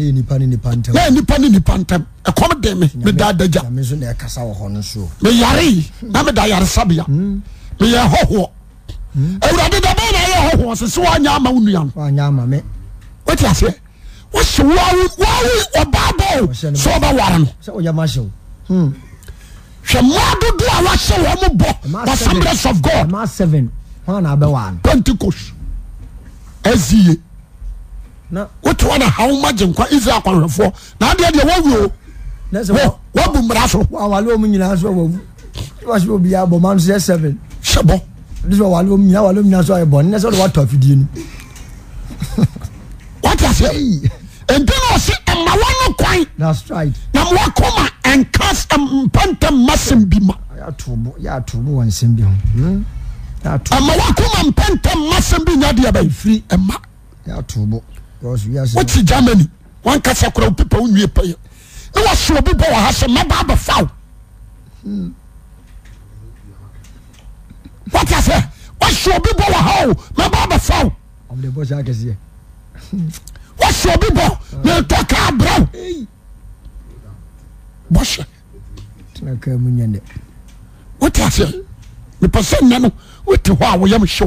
enipa ne nipa ntam ɛkomedeme medadagya meyare na medayare sabia hmm. meyɛ hɔho hmm. awurade dabɛ nayɛ hho se sɛ waanyama wonuano wetiasɛ wah w bab sɛ wobɛware no hmm. hwɛ maadodoɔ a wahye wo mobɔ assebres of god penticost aziye na wana hawoma gye nkwa israel akwanhwɛfoɔ na adeɛ deɛ wawie o wabu mmara so wawale ɔmu nyinaa so wawu wasi obi abɔ ma no sɛ seven hyɛ bɔ ne sɛ wale ɔmu nyinaa wale ɔmu nyinaa so ayɛ bɔ ne sɛ ɔde watɔ afidie no wate aseɛ nti na ɔse ɛma wa no kwan that's right na mo akoma ɛnkas mpɛntɛm masɛm bi ma yɛatoo bo wɔ nsɛm bi ho hmm? ɛma wa akoma mpɛntɛm masɛm bi nya deɛ bɛyɛ firi ɛma yɛatoo bo wote jemany wankasa kora wopipa wonpɛe ne wasobibɔ whasɛ mababafa wtsɛ wasobib wha mababafasib mkar wase nep sɛ nano wete ho woyamse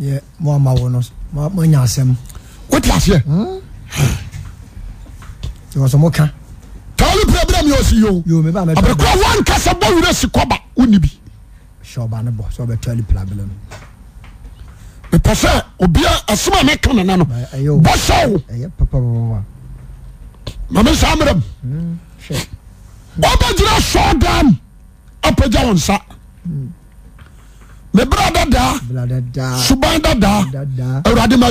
emmaon mnyasem wetease se mo kan tali pra bramyose yo ro wankese bowire si koba wonibi sebanebo se be tli plablam epo se obi sema me kananano boseo mamesa meram obejira so dam ape ja o nsa mebra dadaa suba dadaa awurade mm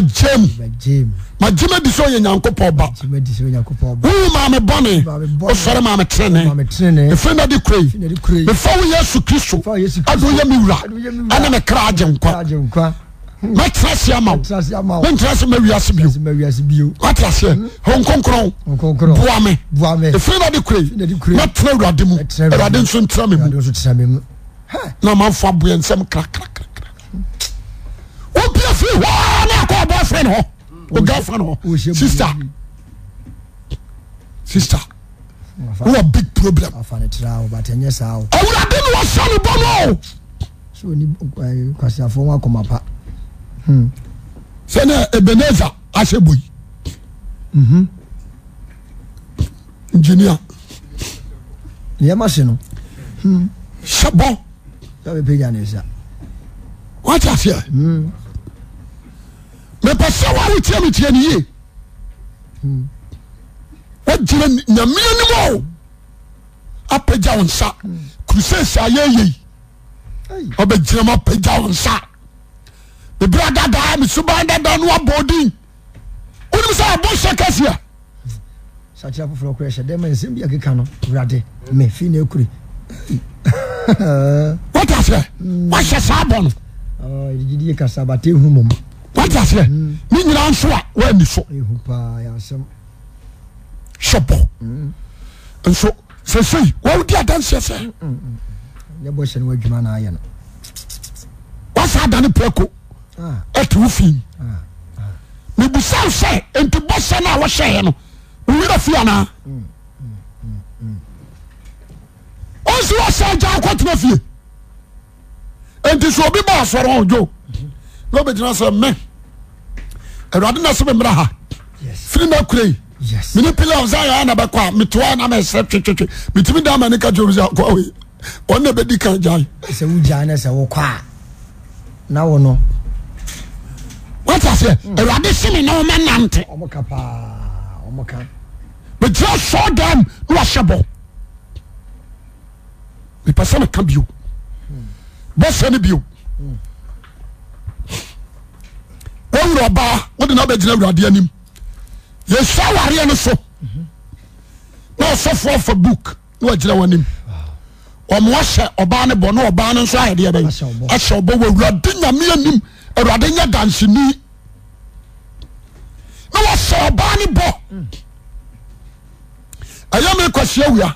aemadi syɛ nyankopɔnbammeidfao yesu kristo aya mewuranemekra genkwa materaseamotakonroidt na mafa boan se me kraka wobia fi h ne kbo senh ogafansister sisterwewa big problem owura de mo wasane bon sɛne ebenesa ase boi inginia ma senosebo bɛpɛgya ne nsa wate aseɛ mepɛ sɛ wa wotia metia ne yie wogyina nyamea nim o apagya wo nsa crusades ayɛyei ɔbɛgyina m apagya wo nsa bebra dadaa mesuba dadaa no wabɔ din wonim sɛ abo hyɛ kɛseɛ sakyera foforɔ korɛ hyɛ dɛ ma nsɛm bi akeka no wurade me fii na akure wate aserɛ wahyɛ saa bɔ nowat aserɛ me nyina nso a waani so hyɛbɔ nso sɛsei wawodiadamseɛsɛ wasaa dane puako ɛte wo fim mebusao sɛ ɛntibɔ sɛ no a wɔhyɛhɛ no owerafi anaa swseja ko tuma fie enti so obi boasoroo neobeima mm. se me ade naseme brha fere kren pleofetd dkd sem n ipɛ sɛ ne ka bio bosɛne bio wowena ɔbaa wodena bɛgyina awurade anim yesa awareɛ no so na ɔsɔfoɔ afa book ne wagyina wonim ɔmaasyɛ ɔb ne bɔ n n sadeɛasyɛbɔwrade nyame ani awurade yɛ danseni na wasɛ ɔbaa ne bɔ ɛyɛmekasea awia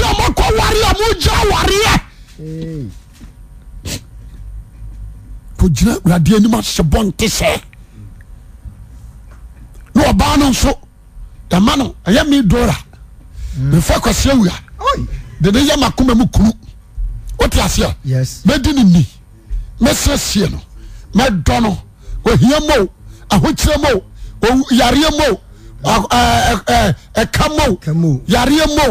rma re kogyina kprade anim asebo ntese neba no nso amano ya me dora mefe ka sea wea dene ya ma koma mo kru wotiase medino ni mesra sieno medono hiamo ahokiram armkamm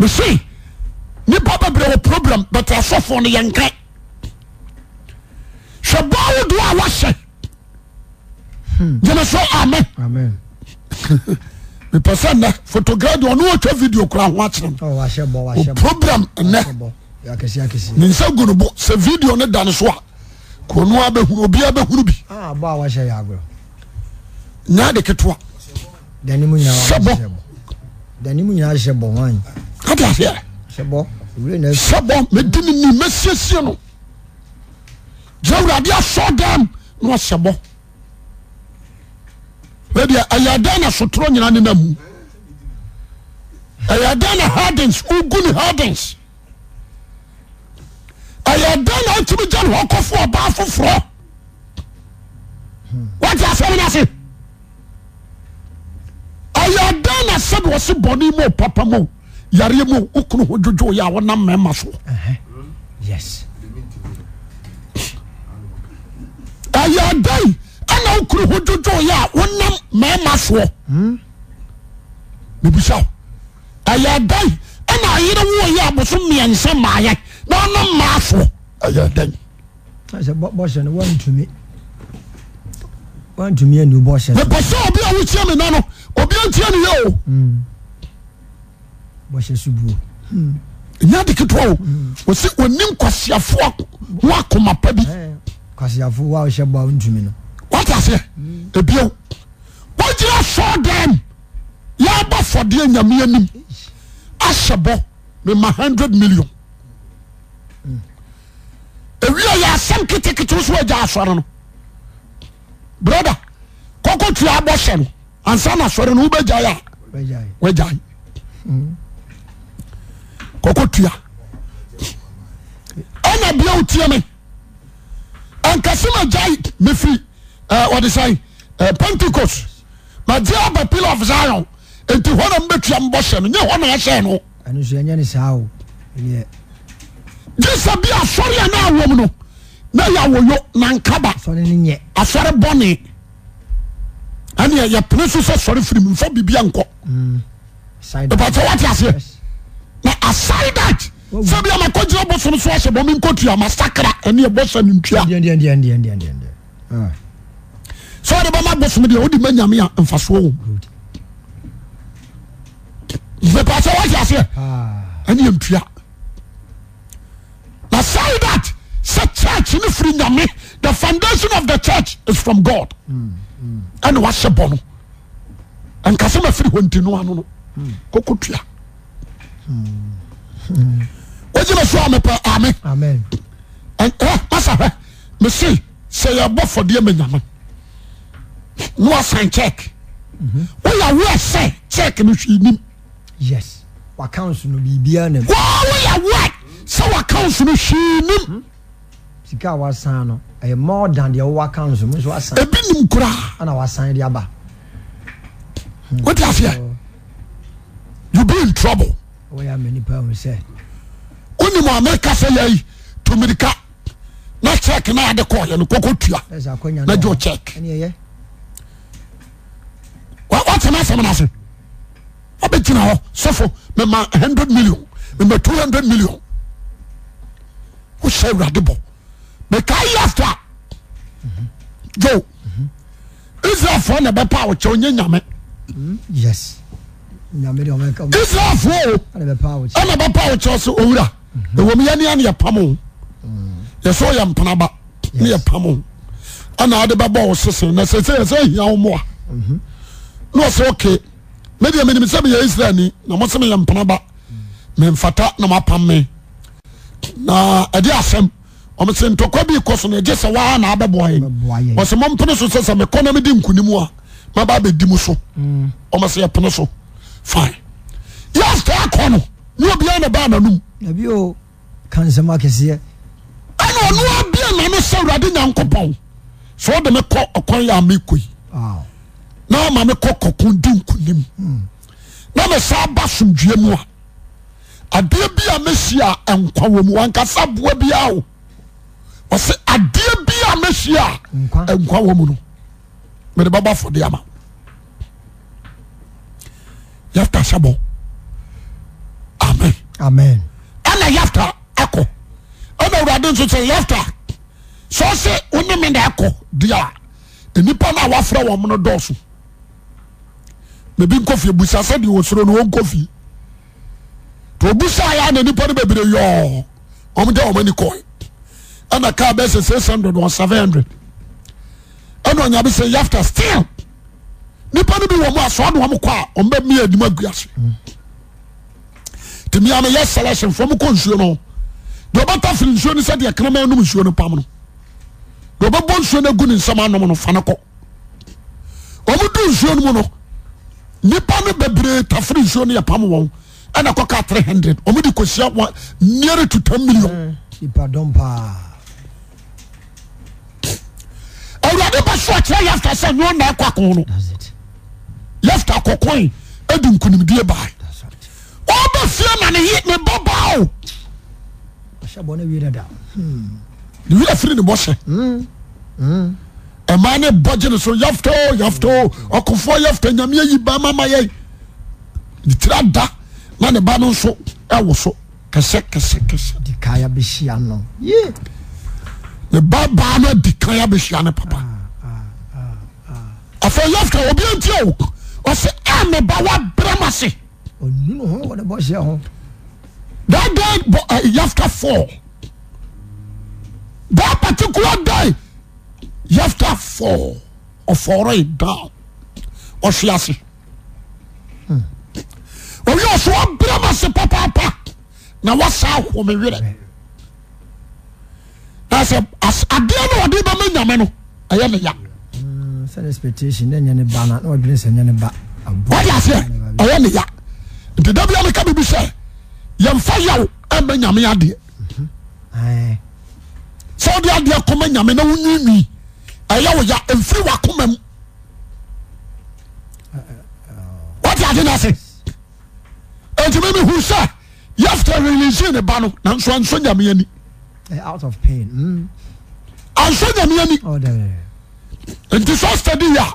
mɛse nipa bɛbrɛ wɔ probram but asofo no yɛnkrɛ hwɛ bɔa wodoɔ a wahyɛ gyenaso amɛ mipɛ sɛ nnɛ pfotograd ɔnowtwa video kora ho akyerɛnoprobram nnɛnensa gunobo sɛ video ne dane so a knaobiaabɛhuru bi nadeketewasyɛ bɔ ade aseɛ sɛbɔ medi ne ni mɛsiesie no gyina awurade asɔ dam na ɔhyɛ bɔ bɛdeɛ ɛyɛ dan na sotorɔ nyina ne nam ɛyɛ dan na hardens wogu ne hardens ɛyɛ dan na atumi gya ne hɔ kɔfo ɔbaa foforɔ wate asɛm no ase ɛyɛ dan na sɛde wɔse bɔne mu papa mu adan ana wokuo ho jojuyea wonam ma ma so uh-huh. ebisa ayadan ana ayere woye aboso mia nse maya na onam maasooso obi awotia mi na no obi tia nuyeo ɛya hmm. deketeao hmm. sɛ onim kwasiafoa wo akoma pa biseɛ bi wogyira sɔr dem yɛba fɔdeɛ yame anim ahyɛbɔ mema 100 million ɛwia hmm. yɛasɛm keteketew so wagya asare no brothar kɔkɔ tiabɔ hyɛ no ansa na sɔre no wobɛgyai a wgyai kɔkɔ tua ɛna bia o tia mi ankasi ma gya mefiri ɛɛ ɔde sayi ɛɛ Pentecost ma gye aba pillar of Zion nti hɔ na mo bɛ tua mo bɔ hyɛ no nye hɔ na ɛhyɛ no. ɛnu sɛ ɛnyɛ ni saa o jisa bi asɔre a naa wɔm no na yɛ awoyo na nkaba asɔre ni nyɛ asɔre bɔnee ɛni yɛ pene so sɛ sɔre firi mu nfa bibi ankɔ. ɛpɛ mm. sɛ wate aseɛ. siaɛbamagyeɛbosom so ahyɛbɔme nkɔamasakra ɛnebsonenta ah. sɛdebɛma bosom deɛ odima nyame a mfaso wo sɛɛnntasita ah. sɛ church no firi nyame the foundation of the church is from god mm, mm. ɛna wahyɛ bɔ no kasɛmafiri nɔa wogye maso amepɛ ame nkra masa hɛ mese sɛ yɛbɔ fo mhm. deɛ ma nyamen ne wasan chek woyɛ w sɛ chek no hwiinimwoyɛ wɛ sɛ woakanso no hweinimebinim kora weifiɛ oub truble onema mekase yei tomirika na chek na yadekoyeno kokotuanajeo chek watema aseminase abekinaho sofo mema h00d million ema to h00d million wose wradebo bekayasta mm-hmm. jo mm-hmm. israel fo nebepaaokhe oye yame israelfoɔ ɛna bɛpawo kyɛ sɛ owera ɛw yaneana yɛ pam yɛsɛyɛ mpna ba ne yɛ pam nade bɛbɔo sese naɛɛsɛoɛl aafaa na ɛ fine yes ta akɔ no ne obiara na ba nanum nabi o ka nsɛm akɛseɛ ɛna ɔno abia na no sɛ awurade nyankopɔn sɛ wode me kɔ ɔkwan yɛ a mekɔ yi na ama me kɔ kɔko di nkonim na mesaa ba somdwua mu a adeɛ bi a mɛhyia a nkwa wɔ mu wankasa boa biaa o ɔsɛ adeɛ bi a mɛhyia a nkwa wɔ mu no mede bɛba fɔde ama yaft sabo amna ana yafta ako ane owuradenso se yafte sose onemide ako di nipa nawa fura womene doso mebi nkofi busa sedosorowo nkofi tobusoyan nip ne bebre ynik nkbese s00 se00 eneya bese yafte stell nipane be o sodko e meea s nkoatre hunded ee nr o0million sre se kokoo left akɔkɔ yi edi nkunimdie baa ɔbɛ fie na ne ye ne ba baa o. ɔhyɛ bɔ ne wie dada. ne wura firi ne bɔ hyɛ. ɛmaa ne bɔgye ne so yafto yafto ɔkofoɔ yafto nyame yi ba mama yɛ ne tiri ada na ne ba no nso ɛwɔ so kɛsɛ kɛsɛ kɛsɛ. di kaya bɛ hyia no. ne ba baa no di kaya bɛ hyia ne papa. Ah, ah, ah, afɔ yafto obi n tia o. asɛ a ah, me ba wa brɛma se tha dayafte eh, fo ha partikular dai yafte fo ɔforoyda hmm. ɔhease ɔye ɔsowabrɛma se papapa na wasaa ho me werɛ nasɛ adeɛ na ɔde bɛma nyame no ɛyɛ ne ya sɛ expectation na nyɛ ne ba na na ɔdwene sɛ nyɛ ne ba wadi aseɛ ɔyɛ ne ya nti dabi a meka bibi sɛ yɛmfa yaw ɛmɛ nyame adeɛ sɛ wode adeɛ kɔma nyame na wonyinwi ɛyɛ wo ya ɛmfiri wakoma mu wadi ade no ase enti memehu sɛ yɛfta relisii ne ba no nanso anso nyameani out of pain anso nyameani nti so sadiya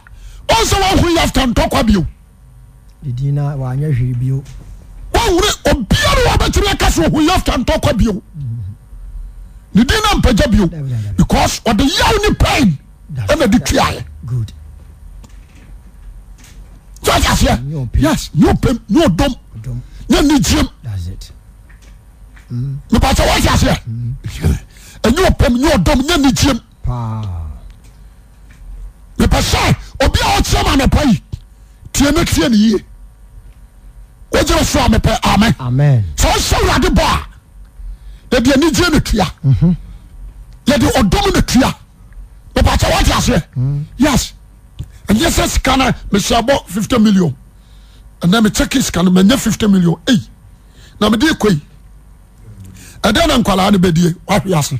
sɛ wahoyaftantka bi arawɛkekas mm. huaantka b nedinampaa b because de yan pain ɛnadetɛ ɛan mepe se obiao temanepo ye tiene tieneye ejere sua mepe ame soose wura de boa ed neji ne ta ede mhm. odomne ta patewatease mhm. yes ene se sekane mese bo 5i0 million ene meteke sekan enye 5i0 million e na mede koi edene kwalane bedie ese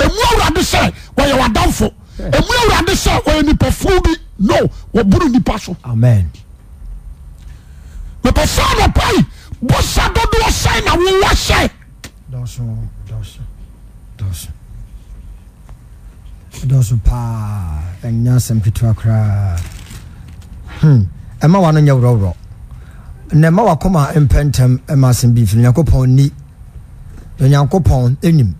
ɛmu awurade sɛ wɔyɛ w'adamfo ɛmu awurade sɛ wɔyɛ nipafuo bi no wɔboro nipa so mepɛ sɛ anɔpai bosa dodoɔ sɛe na wowɔ hyɛ dɔso paa ɛnyɛ asɛm ketewa koraa hmm, ɛma wa no nyɛ worɔworɔ na ɛma wakoma mpɛ ntɛm ma asɛm bi mfiri onyankopɔn ni onyankopɔn anim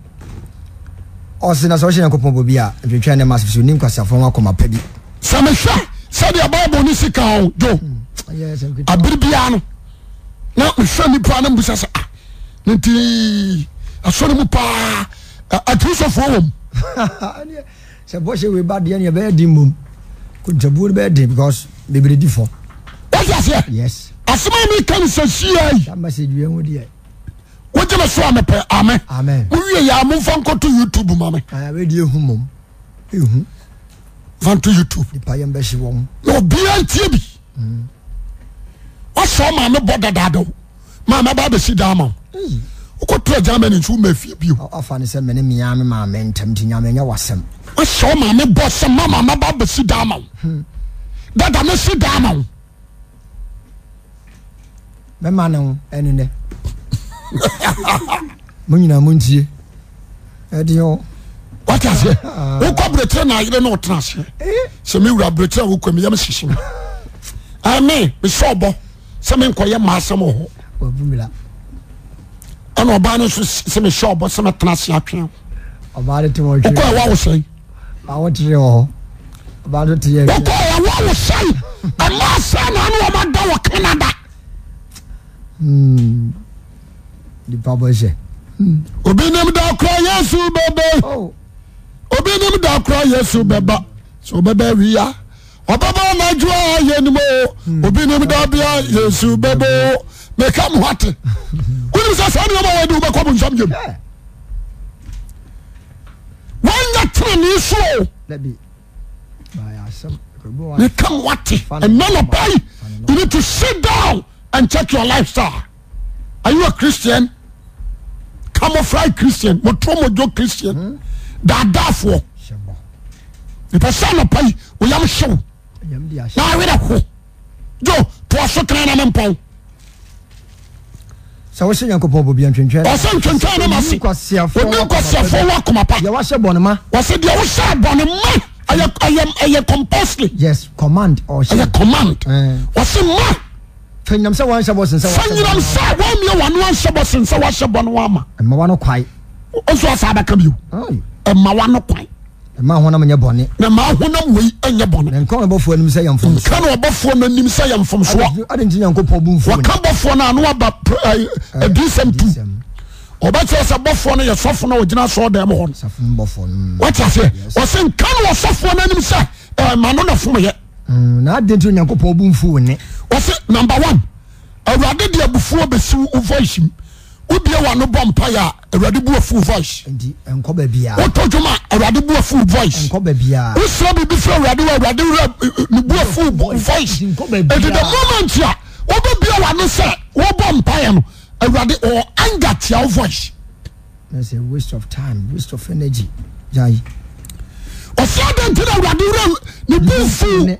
ose na sɛ wohɛ ne nkɔpɔ bo bi a mtwetwe nemassɛ oni kasafo w akɔmapadi sɛ mehwɛ sɛde bablno sikao oaber hmm, bia no na mehwɛ nipa no musasɛ ah, nt asne mu paa akurusɛfoɔ womsɛbsɛ wbade n bɛa de mu bɛadifwtsɛ asma meka msasia woemesoa mepe me mma otbeot eomame bo im moyenamotie woko brte nayere nteras semew bwsese m mese obo se meko ye masem ho nesetase woswo wosei ama sennada wo canada hmm. nipa bɔ hyɛ. Hmm. obi nim da kura yesu bɛbɛ oh. obi nim da kura yesu bɛba so bɛbɛ wia ɔbɛbɛ anadu a nimu obi nim da bia yesu bɛbɛ mɛka mu hati wuli sɛ sɛ nneɛma wɔ di mu nsɛm ni o. You come what? And none of You need to sit down and check your lifestyle. Are you a Christian? amofry christian motromo christian da dafa ya ee oo fanyinam sɛ wɔn nhyɛ bɔ sinsa wɔn. wa sɛ wɔn mi wɔn wɔn nhyɛ bɔ sinsa wɔn hyɛ bɔ no wɔn ama. ɛma asa abaka bi o. ɛma wɔn no kwae. ɛma ahonam nyɛ bɔnne. na ma ahonam wei nyɛ bɔnne. na nkan bɔfoɔ anim sɛ yɛn fɔm so. nkan bɔfoɔ n'anim sɛ yɛn fɔm so. adi nti nyanko pɔ bu nfoni. wɔka bɔfoɔ na anu aba ɛdisɛm tu ɔbɛkyerɛ sɛ bɔfoɔ no yɛ sɔfo na ogyina sɔɔ dɛm hɔ no. Mm. wɔte aseɛ wɔsɛ nkan wɔ na n'anim sɛ ɛma no na fom yɛ. Mm, na adi nti onyankopɔn bu nfu wo ne. wɔsi number one awurade di abufuo besi wo voice mu wobie wa no bɔ mpa yɛ a awurade bu afu voice. nti nkɔ baabi a. wotɔ dwuma awurade bu afu voice. nkɔ baabi a. wosira bibi fira awurade wa awurade wura ne eh, eh, bu afu voice. nkɔ baabi a. eti the moment a wɔbɛ bie wa no sɛ wɔbɔ mpa yɛ no awurade ɔ anga tia wo voice. that's a waste of time waste of energy. ɔsi adi nti na awurade wura ne bu afu.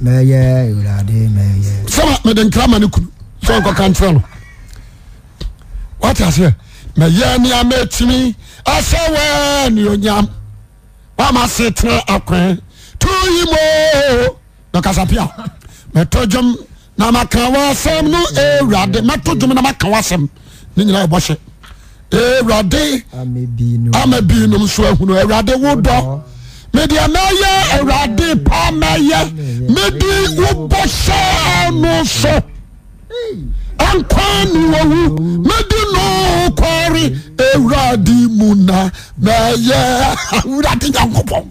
sm mede nkrama ne k onkokanterao wataseɛ mɛyɛ neama timi ɛsɛwe neoyam wama setena akoe toi mo kasapia mɛtojom namakawasm no wrademɛtoom nmakawasem ne yinaɛbɔhye ɛwurade ama binom so ahu awrade wod medeɛ mɛyɛ awurade pa mɛyɛ mede wobɔ hɛ no so ankwa newawu mede no kare awurade mu na mɛyɛ awurade nyankopɔn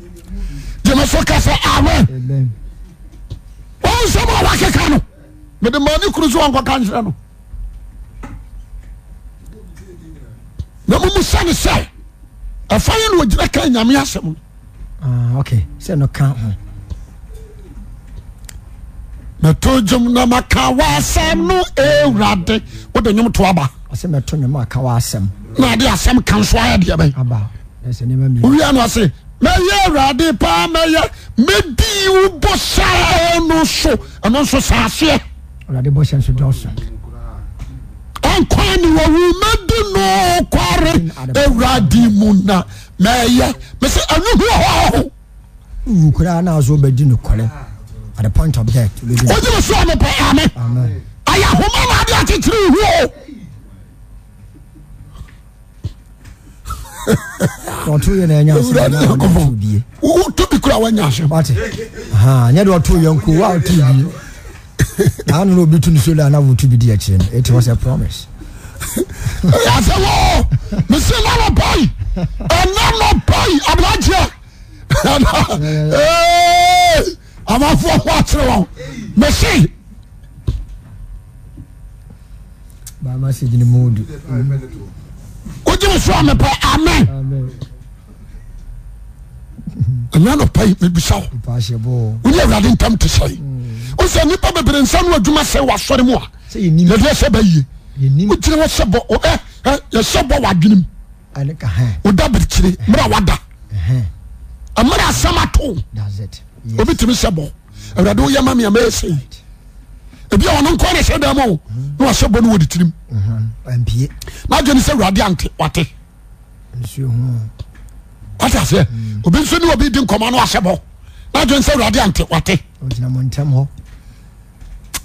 gemeso kasɛ aw ɔnsɛm a waakeka no mede mane kuro so wonka ka nhyerɛ no na momu sane sɛ ɛfaye na wɔgyina ka nyame asɛm no Ah, sɛ no ka mato wem na maka wa asɛm no ɛwurade wode nwomto abanaade asɛm kansoayɛdeɛ bɛowia no ase mɛyɛ awurade paa mɛyɛ mɛdi wo bɔsar ɔno so ɛno so saaseɛ nkonwmedino korewrade mu na meye mese anuhhndin oemeso mopoame aya homa nde akekere h nnobretu nesole ani botu bidieken itwasa promiseaseo mese nano pai ananopai abnae masere mesen oemesmepai amen minpai meisnuradtemtse o sɛ nipa bebree nsa nu adwuma sɛ wasɔre mu a yɛdeɛ sɛ bɛyie wogyina hɔ sɛ bɔ ɛ ɛ yɛsɛ bɔ wadwenem woda birikyire mmerɛ wada mmerɛ asɛm ato obi tumi sɛ bɔ awurade woyɛ ma meama yɛ sɛi ebi a ɔno nkɔ ne sɛ dɛm o mhm. na wasɛ bɔ no wɔ de tirim mhm. na adwene sɛ awurade ante wate wata sɛ mhm. obi nso ne obi di nkɔmmɔ no wasɛ bɔ na adwene sɛ awurade ante wate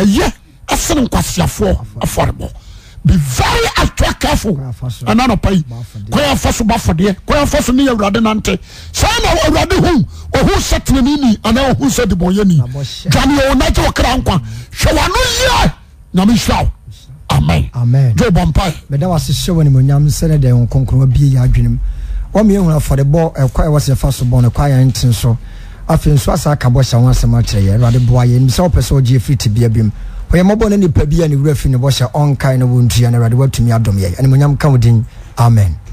ɛyɛ ɛseno nkwaseafoɔ afɔrebɔ bi bɛda wasehyɛ w nemuonyam nsɛne de wo kronkro abi y adwenem ommeɛhunu afɔrebɔ ɛkɔɛwɔ se fa so bɔno ɛkaayɛ nten so afei nso asa aka bɔ hyɛ ho asɛm akyerɛ yɛ awurade boa yɛ nim sɛ wopɛ sɛ wogye afiri tebea bi mu ɔyɛ mmɔbɔ ne nipa bi a ne wura fi ne bɔhyɛ ɔnkae no wɔntua no awurade woatumi adom yɛ animonyam ka wo din amen